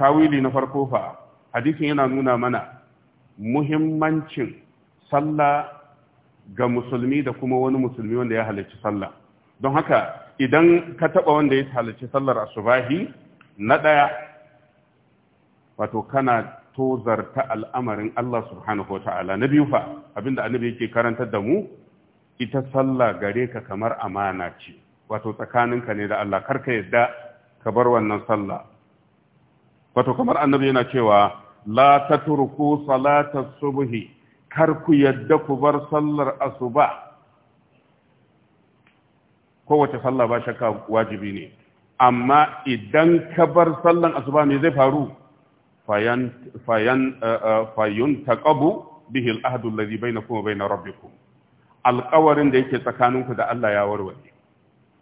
tawili na farko fa hadisin yana nuna mana muhimmancin sallah ga musulmi da kuma wani musulmi wanda ya halarci sallah don haka idan ka taɓa wanda ya halarci sallar asubahi na ɗaya wato kana tozarta al'amarin Allah subhanahu wa ta'ala na biyu fa abinda annabi yake karantar da mu ita sallah gare ka kamar amana ce wato tsakaninka ne da Allah karka yadda ka bar wannan sallah wato kamar annabi yana cewa la tatruku salata subhi kar ku yadda ku bar sallar asuba kowace sallah ba shakka wajibi ne amma idan ka bar sallan asuba me zai faru fayan fayan bihi eh, eh, taqabu bihi al na alladhi bainakum wa bain rabbikum alƙawarin da yake tsakaninku da Allah ya warware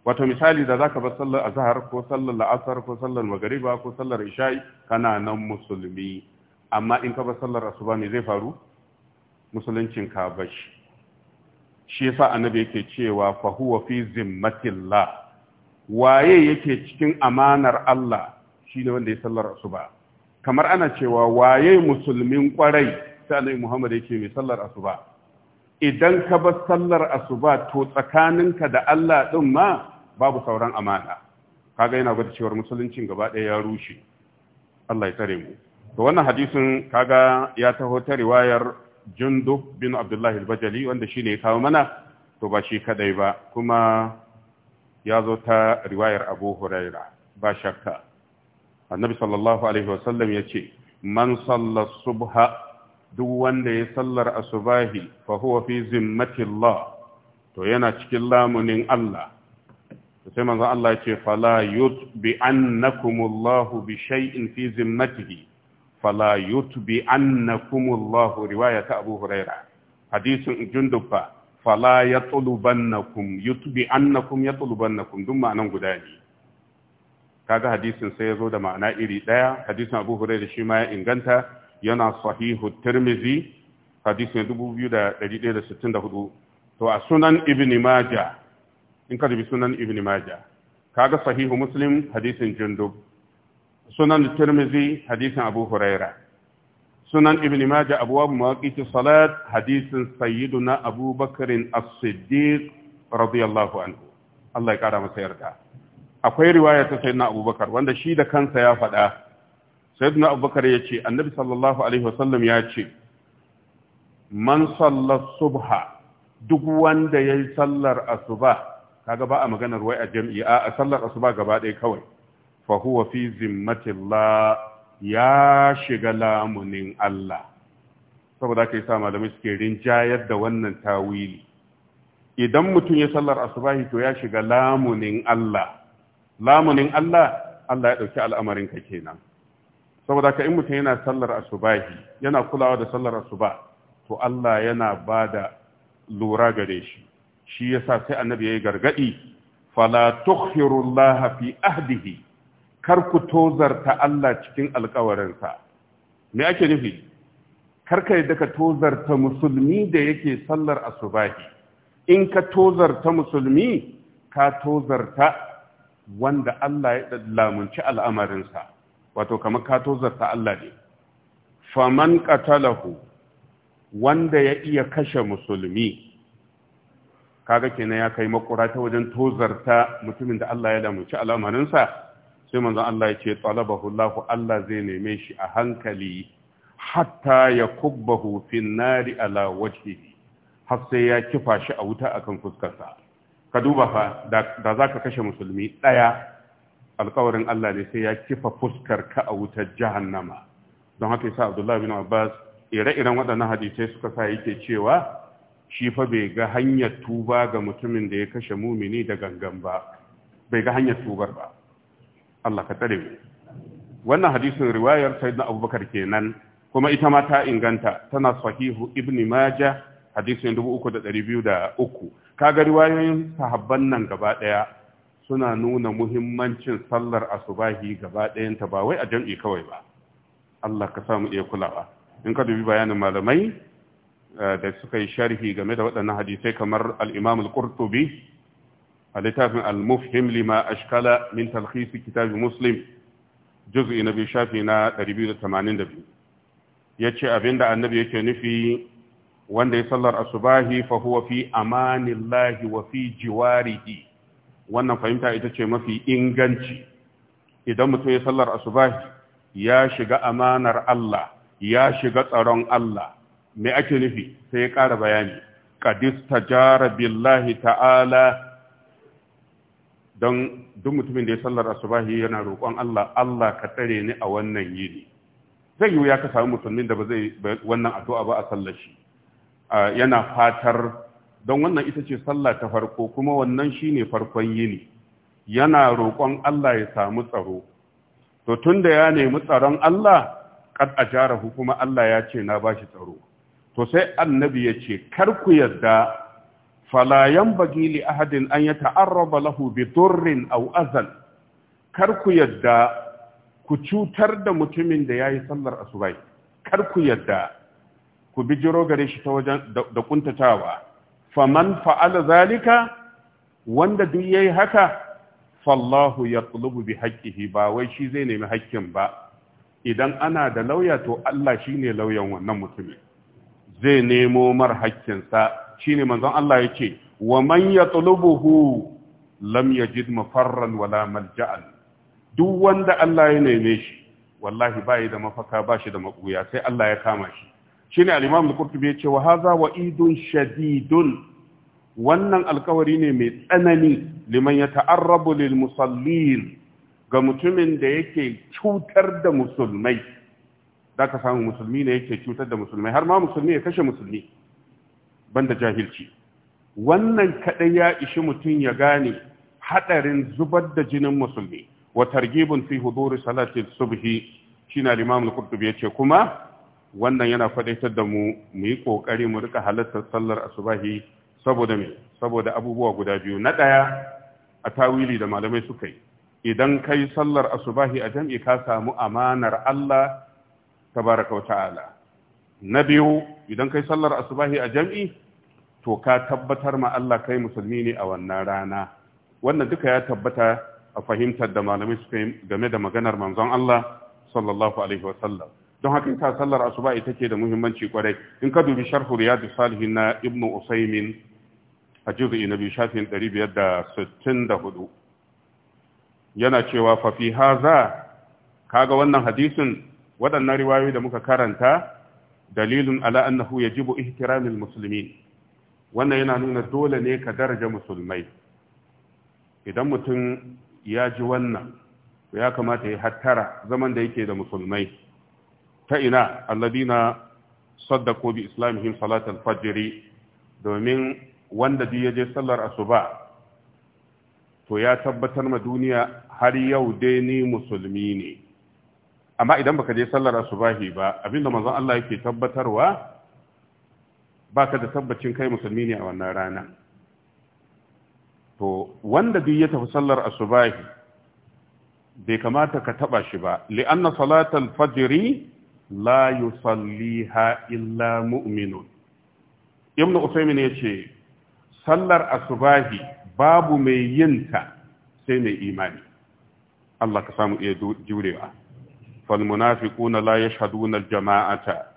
wato misali da zaka bar sallar azhar ko sallar la'asar ko sallar magariba ko sallar isha'i kana nan musulmi amma in ka bar sallar asuba me zai faru musuluncin ka bashi shi yasa annabi yake cewa fa huwa fi zimmatillah waye yake cikin amanar Allah shine wanda ya sallar asuba kamar ana cewa waye musulmin kwarai sai annabi Muhammad yake mai sallar asuba idan ka bar sallar asuba to tsakaninka da Allah din ma babu sauran amana kaga yana gwada cewa musuluncin gaba ɗaya ya rushe Allah ya tare mu to wannan hadisin kaga ya taho ta riwayar jundub bin abdullahi al-bajali wanda shine ya kawo mana to ba shi kadai ba kuma ya zo ta riwayar abu huraira ba shakka annabi sallallahu alaihi wasallam ya ce man sallar subha duk wanda ya sallar asubahi fa huwa fi zimmatillah to yana cikin lamunin Allah sai manzon Allah ya ce fala yutbi annakumullahu bi shay'in fi zimmatihi fala yutbi annakumullahu riwayata abu huraira hadisin jundub fa fala yatlubannakum yutbi annakum yatlubannakum duk ma'ana guda ne kaga hadisin sai ya zo da ma'ana iri ɗaya hadisin abu huraira shi ma ya inganta yana sahihu tirmizi hadisin 2164 to a sunan ibn Maja in ka dubi sunan ibn majah kaga sahihu muslim hadisin jundub sunan turmizi, hadisin abu huraira sunan ibn majah abwab mawaqit salat hadisin sayyiduna abubakar as-siddiq radiyallahu anhu Allah ya kara masa yarda akwai riwaya ta sayyidina abubakar wanda shi da kansa ya faɗa sayyidina abubakar ya ce annabi sallallahu alaihi wasallam ya ce man sallar subha duk wanda ya yi sallar asuba kaga ba a maganar wai a jami'a? a sallar asuba gaba ɗaya kawai Fahuwa huwa fi zimmatillah ya shiga lamunin Allah saboda yi sa malamai suke rinjayar da wannan tawili idan mutum ya sallar asubahi to ya shiga lamunin Allah lamunin Allah Allah ya ɗauki al'amarin ka kenan saboda ka in mutum yana sallar asubahi yana kulawa da sallar asuba to Allah yana ba da lura gare shi shi yasa sai annabi yi gargadi fala tukhfirullaha fi ahdihi kar ku tozarta Allah cikin alkawarinsa me ake nufi kar ka yadda ka tozarta musulmi da yake sallar asubahi in ka tozarta musulmi ka tozarta wanda Allah ya lamunci al'amarinsa wato kamar ka tozarta Allah ne faman qatalahu wanda ya iya kashe musulmi kaga kenan ya kai makura ta wajen tozarta mutumin da Allah ya lamunci al'amarinsa sai manzo Allah ya ce talabahu Allah Allah zai neme shi a hankali hatta ya kubbahu hufin nari ala wajhihi har sai ya kifa shi a wuta akan fuskarsa ka duba fa da zaka kashe musulmi daya alkawarin Allah ne sai ya kifa fuskar ka a wutar jahannama don haka yasa Abdullah bin Abbas ire-iren waɗannan hadisai suka sa yake cewa shi fa bai ga hanyar tuba ga mutumin da ya kashe mumini da gangan ba bai ga hanyar tubar ba Allah ka tsare wannan hadisin riwayar na abubakar kenan kuma ita ma ta inganta tana sahihu ibn majah hadisin 3203 kaga riwayoyin sahabban nan gaba daya suna nuna muhimmancin sallar asubahi gaba ta ba wai a jam'i kawai ba Allah ka samu iya kulawa in ka dubi bayanin malamai eh, da suka yi sharhi game da waɗannan hadisai kamar al-Imam al-Qurtubi a littafin al-mufhim lima ashkala min talhisi kitabi muslim juz'i na biyu shafi na 282 yace abinda annabi yake nufi wanda ya sallar asubahi fa huwa fi amanillahi wa fi jiwarihi wannan fahimta ita ce mafi inganci idan mutum ya sallar asubahi ya shiga amanar Allah ya shiga tsaron Allah me ake nufi sai ya ƙara bayani qadis billahi ta'ala don duk mutumin da ya sallar asubahi yana roƙon Allah Allah ka tsare ni a wannan yini zai yi wuya ka samu musulmin da ba zai wannan addu'a ba a sallar shi yana fatar don wannan ita ce sallah ta farko kuma wannan shine farkon yini yana roƙon Allah ya samu tsaro to tunda ya nemi tsaron Allah kad ajarahu kuma Allah ya ce na bashi tsaro to sai annabi ya ce kar ku yarda Falayan yanbaghi li ahadin an yata'arraba lahu bi durrin aw azal kar ku yadda ku cutar da mutumin da yayi sallar asubai kar ku yadda ku bijiro gare shi ta wajen da kuntatawa faman fa'ala zalika wanda duk yayi haka fallahu yatlubu bi haqqihi ba wai shi zai nemi hakkin ba idan ana da lauya to Allah shine lauyan wannan mutumin zai nemo mar sa. ne manzon Allah yake wa man yatlubuhu lam yajid mafarran wala malja'an duk wanda Allah ya neme shi wallahi bai da mafaka ba shi da mabuya sai Allah ya kama shi shine al-Imam al-Qurtubi yace wa hadha wa'idun shadidun wannan alkawari ne mai tsanani liman ya ta'arrabu lil musallin ga mutumin da yake cutar da musulmai Za ka samu musulmi ne yake cutar da musulmai har ma musulmi ya kashe musulmi banda jahilci wannan kaɗai ya ishi mutum ya gane haɗarin zubar da jinin musulmi wa targibun fi huduri salati subhi shine al-imam al-qurtubi yace kuma wannan yana faɗaitar da mu mu yi ƙoƙari mu rika halartar sallar asubahi saboda me saboda abubuwa guda biyu na ɗaya a tawili da malamai suka yi idan kai sallar asubahi a jam'i ka samu amanar Allah tabaraka wa ta'ala na biyu idan kai sallar asubahi a jam'i to ka tabbatar ma Allah kai musulmi ne a wannan rana wannan duka ya tabbata a fahimtar da malamai suka yi game da maganar manzon Allah sallallahu alaihi sallam. don haka ta, sallar asuba ita ke da muhimmanci kwarai in ka dubi sharhu riyadu salihin na ibnu usaimin a juz'i na biyu shafin 564 yana cewa fa fi ka kaga wannan hadisin waɗannan riwayoyi da muka karanta dalilun ala annahu yajibu ihtiramil muslimin wannan yana nuna dole ne ka daraja musulmai idan mutum ya ji wannan ya kamata ya hattara zaman da yake da musulmai ta ina alladina saddaqu bi islamihim salat al domin wanda duk je sallar asuba to ya tabbatar ma duniya har yau dai ni musulmi ne amma idan baka je sallar asubahi ba abinda manzon Allah yake tabbatarwa baka da tabbacin kai musulmi ne a wannan rana to wanda duk ya tafi sallar asubahi bai kamata ka taba shi ba li'anna salatal fajri la yusalliha illa mu'minun ibnu usaymin yace sallar asubahi babu mai yinta sai mai imani Allah ka samu iya jurewa fal munafiquna la yashhaduna al jama'ata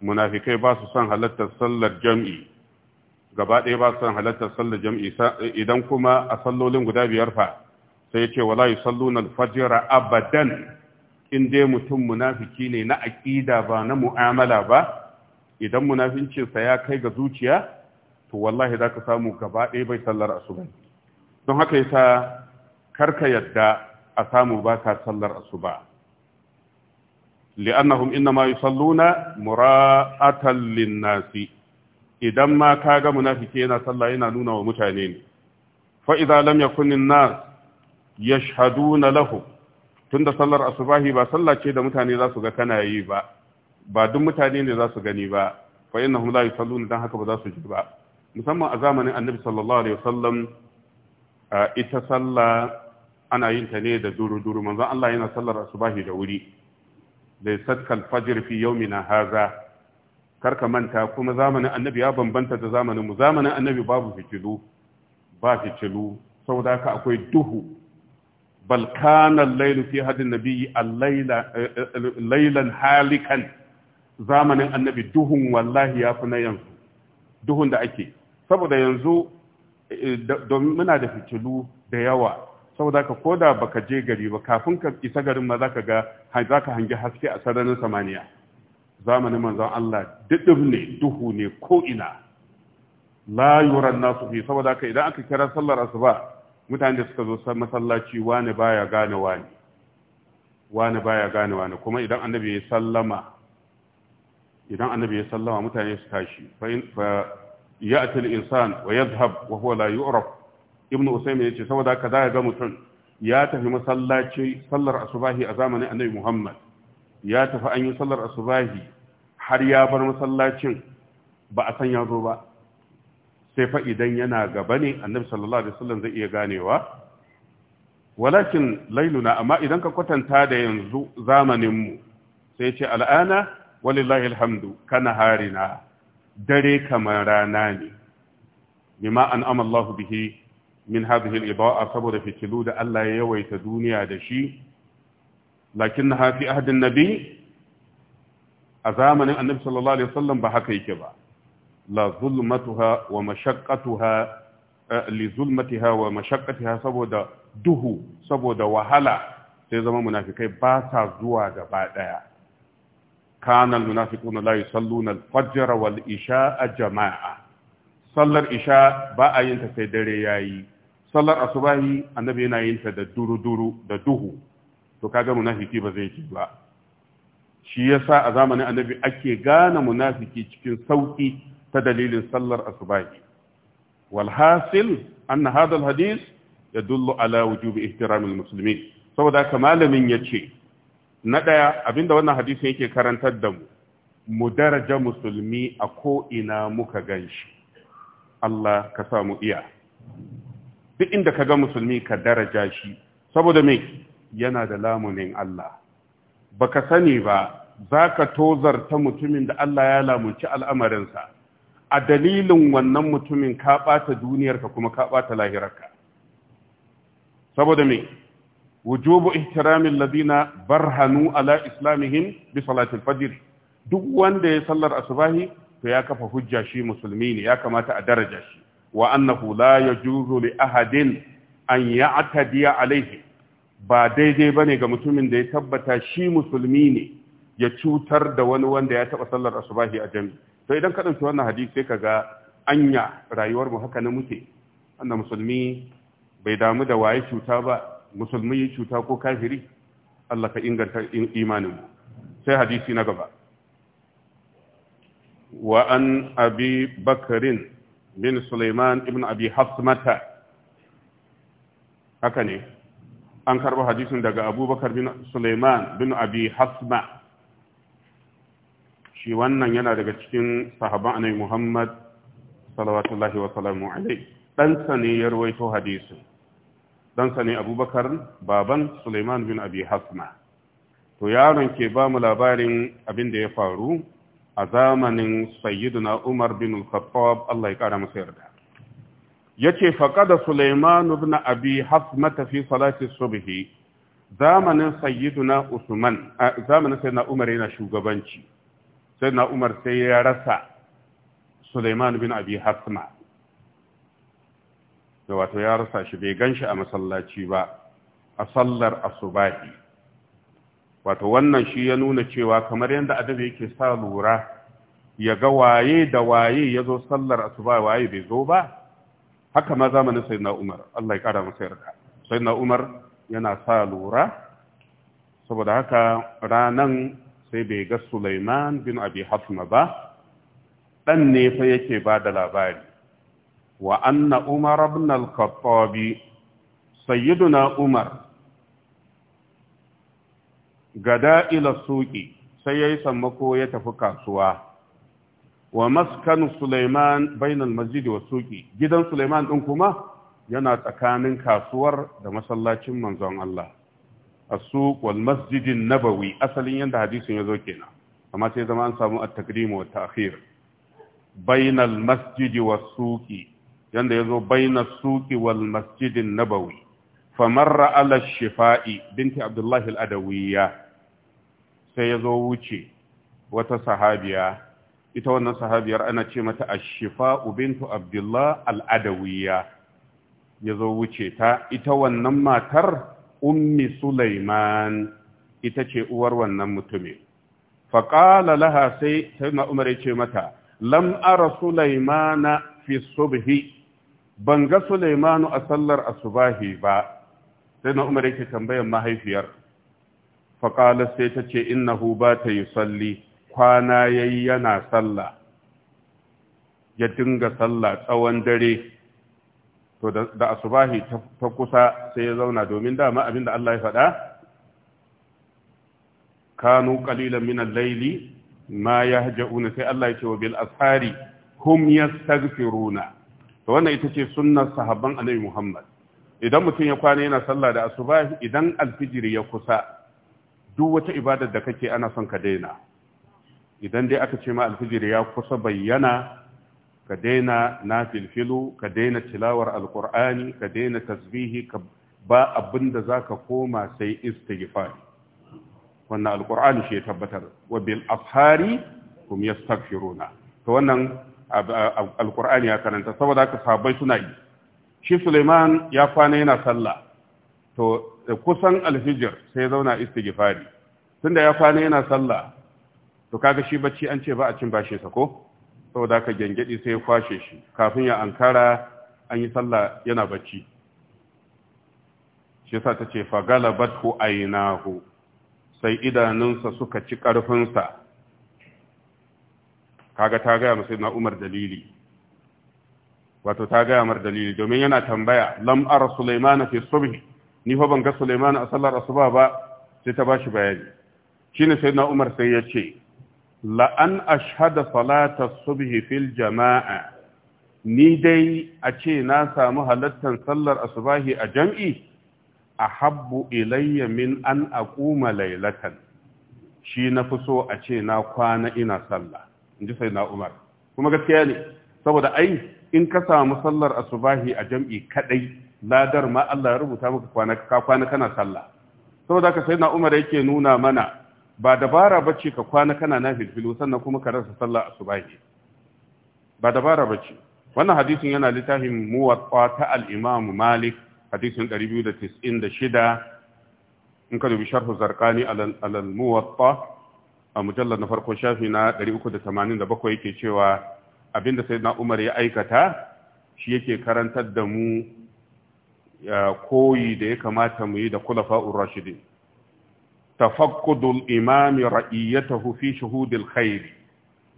munafikai ba su son halattar sallar jam'i gaba ɗaya ba su son halattar sallar jam'i idan kuma a sallolin guda biyar fa sai ce wala yusalluna al fajira abadan in dai mutum munafiki ne na aƙida ba na mu'amala ba idan munafincinsa ya kai ga zuciya to wallahi za ka samu gaba ɗaya bai sallar asuba don haka yasa karka yadda a samu ba ka sallar asuba li'annahum innama yusalluna mura'atan lin-nasi idan ma ka kaga munafiki yana sallah yana nuna wa mutane ne fa idza lam yakun an tunda sallar asubahi ba sallah ce da mutane za su ga kana ba ba duk mutane ne za su gani ba fa innahum la yusalluna dan haka ba za su ji ba musamman a zamanin annabi sallallahu alaihi wasallam ita sallah ana yinta ne da duruduru. duru Allah yana sallar asubahi da wuri laysat kal fajr fi yawmina haza karka manta kuma zamanin annabi ya bambanta da zamanin mu zamanin annabi babu fitilu ba fitilu saboda haka akwai duhu bal kana al-laylu fi hadin nabiyyi al-layla laylan halikan zamanin annabi duhun wallahi ya fi na yanzu duhun da ake saboda yanzu eh, domin muna da fitilu da yawa saboda ka koda baka je gari ba kafin ka isa garin ma zaka ga zaka hangi haske a sararin samaniya zamanin manzon Allah didib ne duhu ne ko ina la yuran nasu fi saboda ka idan aka kira sallar asuba mutane da suka zo masallaci wani baya gane wani wani baya gane wani kuma idan annabi ya sallama idan annabi ya sallama mutane su tashi fa ya'ti al-insan wa yadhhab wa huwa la yu'raf ibn ya ce saboda haka zaka ga mutum ya tafi masallaci sallar asubahi a zamanin annabi muhammad ya tafi an yi sallar asubahi har ya bar masallacin ba a san ya zo ba sai fa idan yana gaba ne annabi sallallahu alaihi wasallam zai iya ganewa walakin lailuna amma idan ka kwatanta da yanzu zamaninmu sai ce al'ana walillahi alhamdu kana harina dare kamar rana ne bima an amallahu bihi min hadhihi al-ida'a saboda fitilu da Allah ya yawaita duniya da shi lakinnaha fi ahdin nabi a zamanin annabi sallallahu alaihi wasallam ba haka yake ba la zulmatuha wa mashaqqatuha eh, li zulmatiha wa mashaqqatiha saboda duhu saboda wahala sai zama munafikai ba sa zuwa gaba daya kana almunafiquna la yusalluna al-fajr wal isha'a jama'a sallar isha ba a yin ta sai dare yayi sallar asubahi annabi yana yin ta da duru-duru da duhu to kaga munafiki ba zai ci ba shi yasa a zamanin annabi ake gane munafiki cikin sauki ta dalilin sallar asubahi walhasil an hadha alhadith yadullu ala wujubi ihtiram almuslimin saboda haka malamin yace na daya abinda wannan hadisi yake karantar da mu mu daraja musulmi a ko ina muka ganshi Allah ka samu iya duk inda ka ga musulmi ka daraja shi saboda mai yana da lamunin Allah baka sani ba zaka tozarta mutumin da Allah ya lamunci al'amarinsa a dalilin wannan mutumin ka bata duniyarka kuma ka bata lahirarka saboda me wujubu ihtiramin ladina barhanu ala islamihim bi salatil fajr duk wanda ya sallar asubahi to ya kafa hujja shi musulmi ne ya kamata a daraja shi wa annahu la yajuzu li ahadin an ya'tadiya alaihi ba daidai ba ne ga mutumin da ya tabbata shi musulmi ne ya cutar da wani wanda ya taba sallar asubahi a jami to idan ka dauki wannan hadisi sai kaga anya rayuwar mu haka na muke annan musulmi bai damu da waye cuta ba musulmi ya cuta ko kafiri Allah ka inganta imanin mu sai hadisi na gaba Wa'an abi bakarin bin Sulaiman ibn Abi Hafsmata haka ne an karɓi hadisin daga abubakar bin Sulaiman bin Abi Hafsma shi wannan yana daga cikin sahaban anai Muhammad salawatullahi wa salamu alai ɗansa ne ya rawaito hadisin ɗansa ne abubakar baban Sulaiman bin Abi Hafsma to yaron ke ba mu labarin abin da ya faru a zamanin sayyiduna Umar bin Khattab Allah ya kara masa yarda yace faqada Sulaiman ibn Abi Hasmata fi salati subhi zamanin sayyiduna Usman zamanin sayyidina Umar yana shugabanci sayyidina Umar sai ya rasa Sulaiman bin Abi Hasma da wato ya rasa shi bai ganshi a masallaci ba a sallar asubahi wato wannan shi ya nuna cewa kamar yadda adabi yake sa lura ya ga waye da waye ya zo sallar asuba waye bai zo ba haka ma zamanin na Umar Allah ya kara masa yarda na Umar yana sa lura saboda haka ranan sai bai ga Sulaiman bin Abi Hafsa ba dan ne fa yake ba da labari wa anna Umar ibn al-Khattab sayyiduna Umar gada ila suki sai yayi yi sammako ya tafi kasuwa wa maskanu Suleiman bainal masjid wa suki gidan Suleiman ɗin kuma yana tsakanin kasuwar da masallacin manzon Allah a suq wal masjid nabawi asalin yanda hadisin yazo kenan amma sai zama an samu at-takrim wa ta'khir bainal masjid wa suki yanda yazo bainas suki wal masjid nabawi famarra ala shifa'i binti abdullah al-adawiyya sai ya zo wuce wata sahabiya ita wannan sahabiyar ana ce mata ashifa bintu abdullah al'adawiya ya zo wuce ta ita wannan matar ummi sulaiman ita ce uwar wannan mutumin faƙala laha sai sai umar ya ce mata lam ara sulaimana fi subhi ban ga sulaimanu a sallar asubahi ba sai na umar yake tambayan mahaifiyar faƙala sai ta ce innahu ba ta yi salli kwana yi yana sallah ya dinga sallah tsawon dare to da asubahi ta kusa sai ya zauna domin dama abin da Allah ya faɗa kanu qalilan min laili layli ma yahja'una sai Allah ya ce wa bil ashari hum yastaghfiruna to wannan ita ce sunnar sahabban Annabi Muhammad idan mutum ya kwana yana sallah da asubahi idan alfijiri ya kusa duk wata ibadar da kake ana son ka daina idan dai aka ce ma alfijir ya kusa bayyana ka daina na filfilu ka daina tilawar alkur'ani ka daina tasbihi ka ba abin da za ka koma sai istighfari wannan alkur'ani shi ya tabbatar wa bil ashari kum yastaghfiruna to wannan alkur'ani ya karanta saboda haka sabai suna yi shi Suleiman ya kwana yana sallah to da kusan alhijir sai ya zauna istighfari tunda ya kwana yana sallah to kaga shi bacci an ce ba a cin bashe sa ko saboda ka gengedi sai ya kwashe shi kafin ya ankara an yi sallah yana bacci shi yasa tace fa galabathu aynahu sai idanunsa suka ci karfinsa kaga ta gaya masa na Umar dalili wato ta gaya mar dalili domin yana tambaya lam ara sulaimana fi subhi ni fa ban ga Sulaiman a sallar asuba ba sai ta bashi bayani shine na Umar sai ya ce la an ashhada salata subhi fil jama'a ni dai a ce na samu halattan sallar asubahi a jam'i ahabbu ilayya min an aquma laylatan shi na fi so a ce na kwana ina sallah in ji sai na umar kuma gaskiya ne saboda ai in ka samu sallar asubahi a jam'i kadai ladar ma Allah ya rubuta maka kwana ka kwana kana sallah saboda haka sai na Umar yake nuna mana ba dabara bace ka kwana kana nafilfilu sannan kuma ka rasa sallah asubahi ba dabara bace wannan hadisin yana littafin muwatta ta al-Imam Malik hadisin 296 in ka dubi sharhu zarqani alal muwatta a mujallar na farko shafi na 387 yake cewa abinda sai na Umar ya aikata shi yake karantar da mu koyi da ya kamata mu yi da rashidi rashidin tafaqqudul imam ra'iyatahu fi shuhudil khairi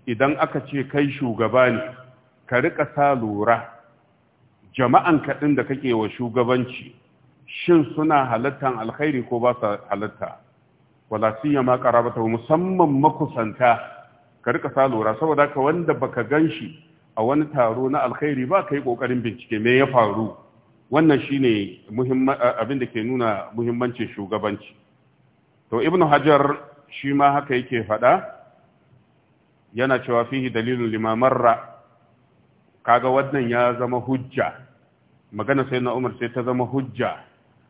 idan aka ce kai shugaba ne ka riƙa sa lura jama'an kaɗin da kake wa shugabanci shin suna halattan alkhairi ko ba sa halatta wala ma qarabata musamman makusanta ka riƙa sa lura saboda ka wanda baka gan shi a wani taro na alkhairi ba kai ƙoƙarin bincike me ya faru wannan ne abin da ke nuna muhimmancin shugabanci to Ibn hajar shi ma haka yake faɗa yana cewa fihi dalilin limamarra kaga wannan ya zama hujja magana sai na umar sai ta zama hujja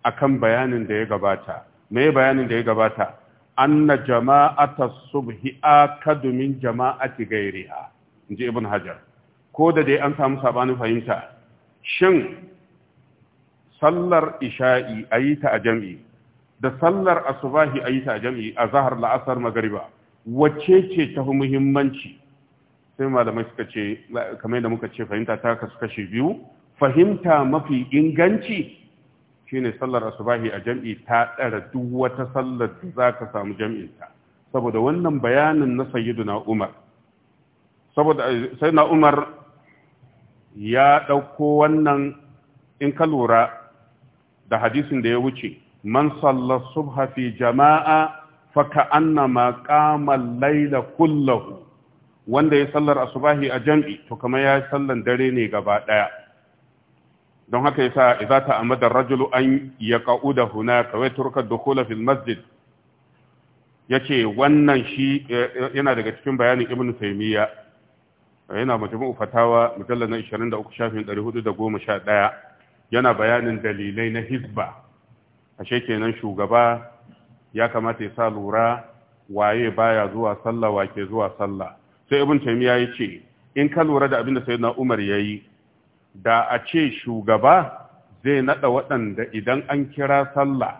akan bayanin da ya gabata me bayanin da ya gabata anna jama'ata subhi akadu min jama'ati gairiha inji ibn hajar ko da dai an samu sabanin fahimta shin sallar isha'i a yi ta a jam'i da sallar asubahi a yi ta a jam'i a zahar la'asar magariba wacce ce ta fi muhimmanci sai malamai suka ce kamar yadda muka ce fahimta ta kasu kashe biyu fahimta mafi inganci shine sallar asubahi a jam'i ta ɗara duk wata sallar da za ka samu jam'inta saboda wannan bayanin na sayyiduna umar saboda eh, sai Na'umar umar ya ɗauko wannan in ka lura da hadisin da ya wuce man salla subha fi jama'a faka, ka'annama laila kullahu wanda ya sallar asubahi a jam'i to kamar ya sallan dare ne gaba daya don haka yasa idza ta'amada ar-rajulu an yaqa'uda hunaka wa turka dukhula fil masjid yace wannan shi eh, eh, yana daga cikin bayanin ibn taymiya yana majmu'u fatawa mujallal na 23 shafin 411 yana bayanin dalilai na hizba ashe kenan shugaba ya kamata ya sa lura waye baya zuwa sallah wake zuwa sallah sai ibn taymiya ya ce in ka lura da abin da sayyidina umar yayi da a ce shugaba zai nada waɗanda idan an kira sallah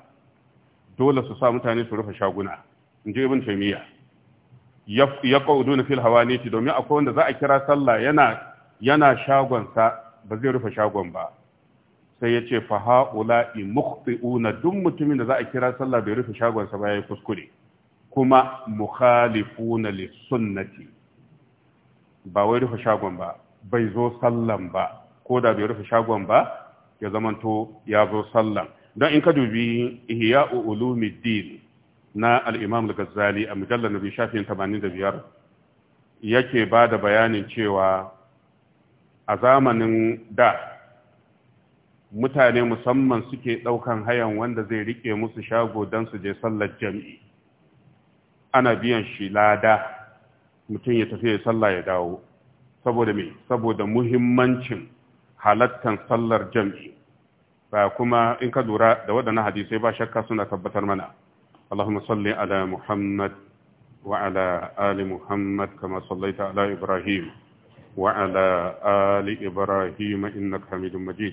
dole su sa mutane su rufe shaguna in ji ibn taymiya ya qauduna fil hawaniti domin akwai wanda za a kira sallah yana yana shagonsa ba zai rufe shagon ba sai ya ce fa ha'ula mukhti'una duk mutumin da za a kira sallah bai rufe shagonsa ba yayi kuskure kuma mukhalifuna li sunnati ba wai rufe shagon ba bai zo sallan ba ko da bai rufe shagon ba ya zamanto ya zo sallan don in ka dubi ihya ulumuddin na al-imam al-ghazali a mujallal nabi shafin 85 yake ba da bayanin cewa a zamanin da mutane musamman suke ɗaukan hayan wanda zai riƙe musu shago don su je sallar jami'i ana biyan shi lada mutum ya tafi ya sallah ya dawo saboda saboda muhimmancin halartar sallar jami'i ba kuma in ka lura da waɗannan hadisai ba shakka suna tabbatar mana Allahumma salli ala Muhammad wa ala ali Muhammad kama sallaita ala Ibrahim wa ala ali Ibrahim innaka Hamidum Majid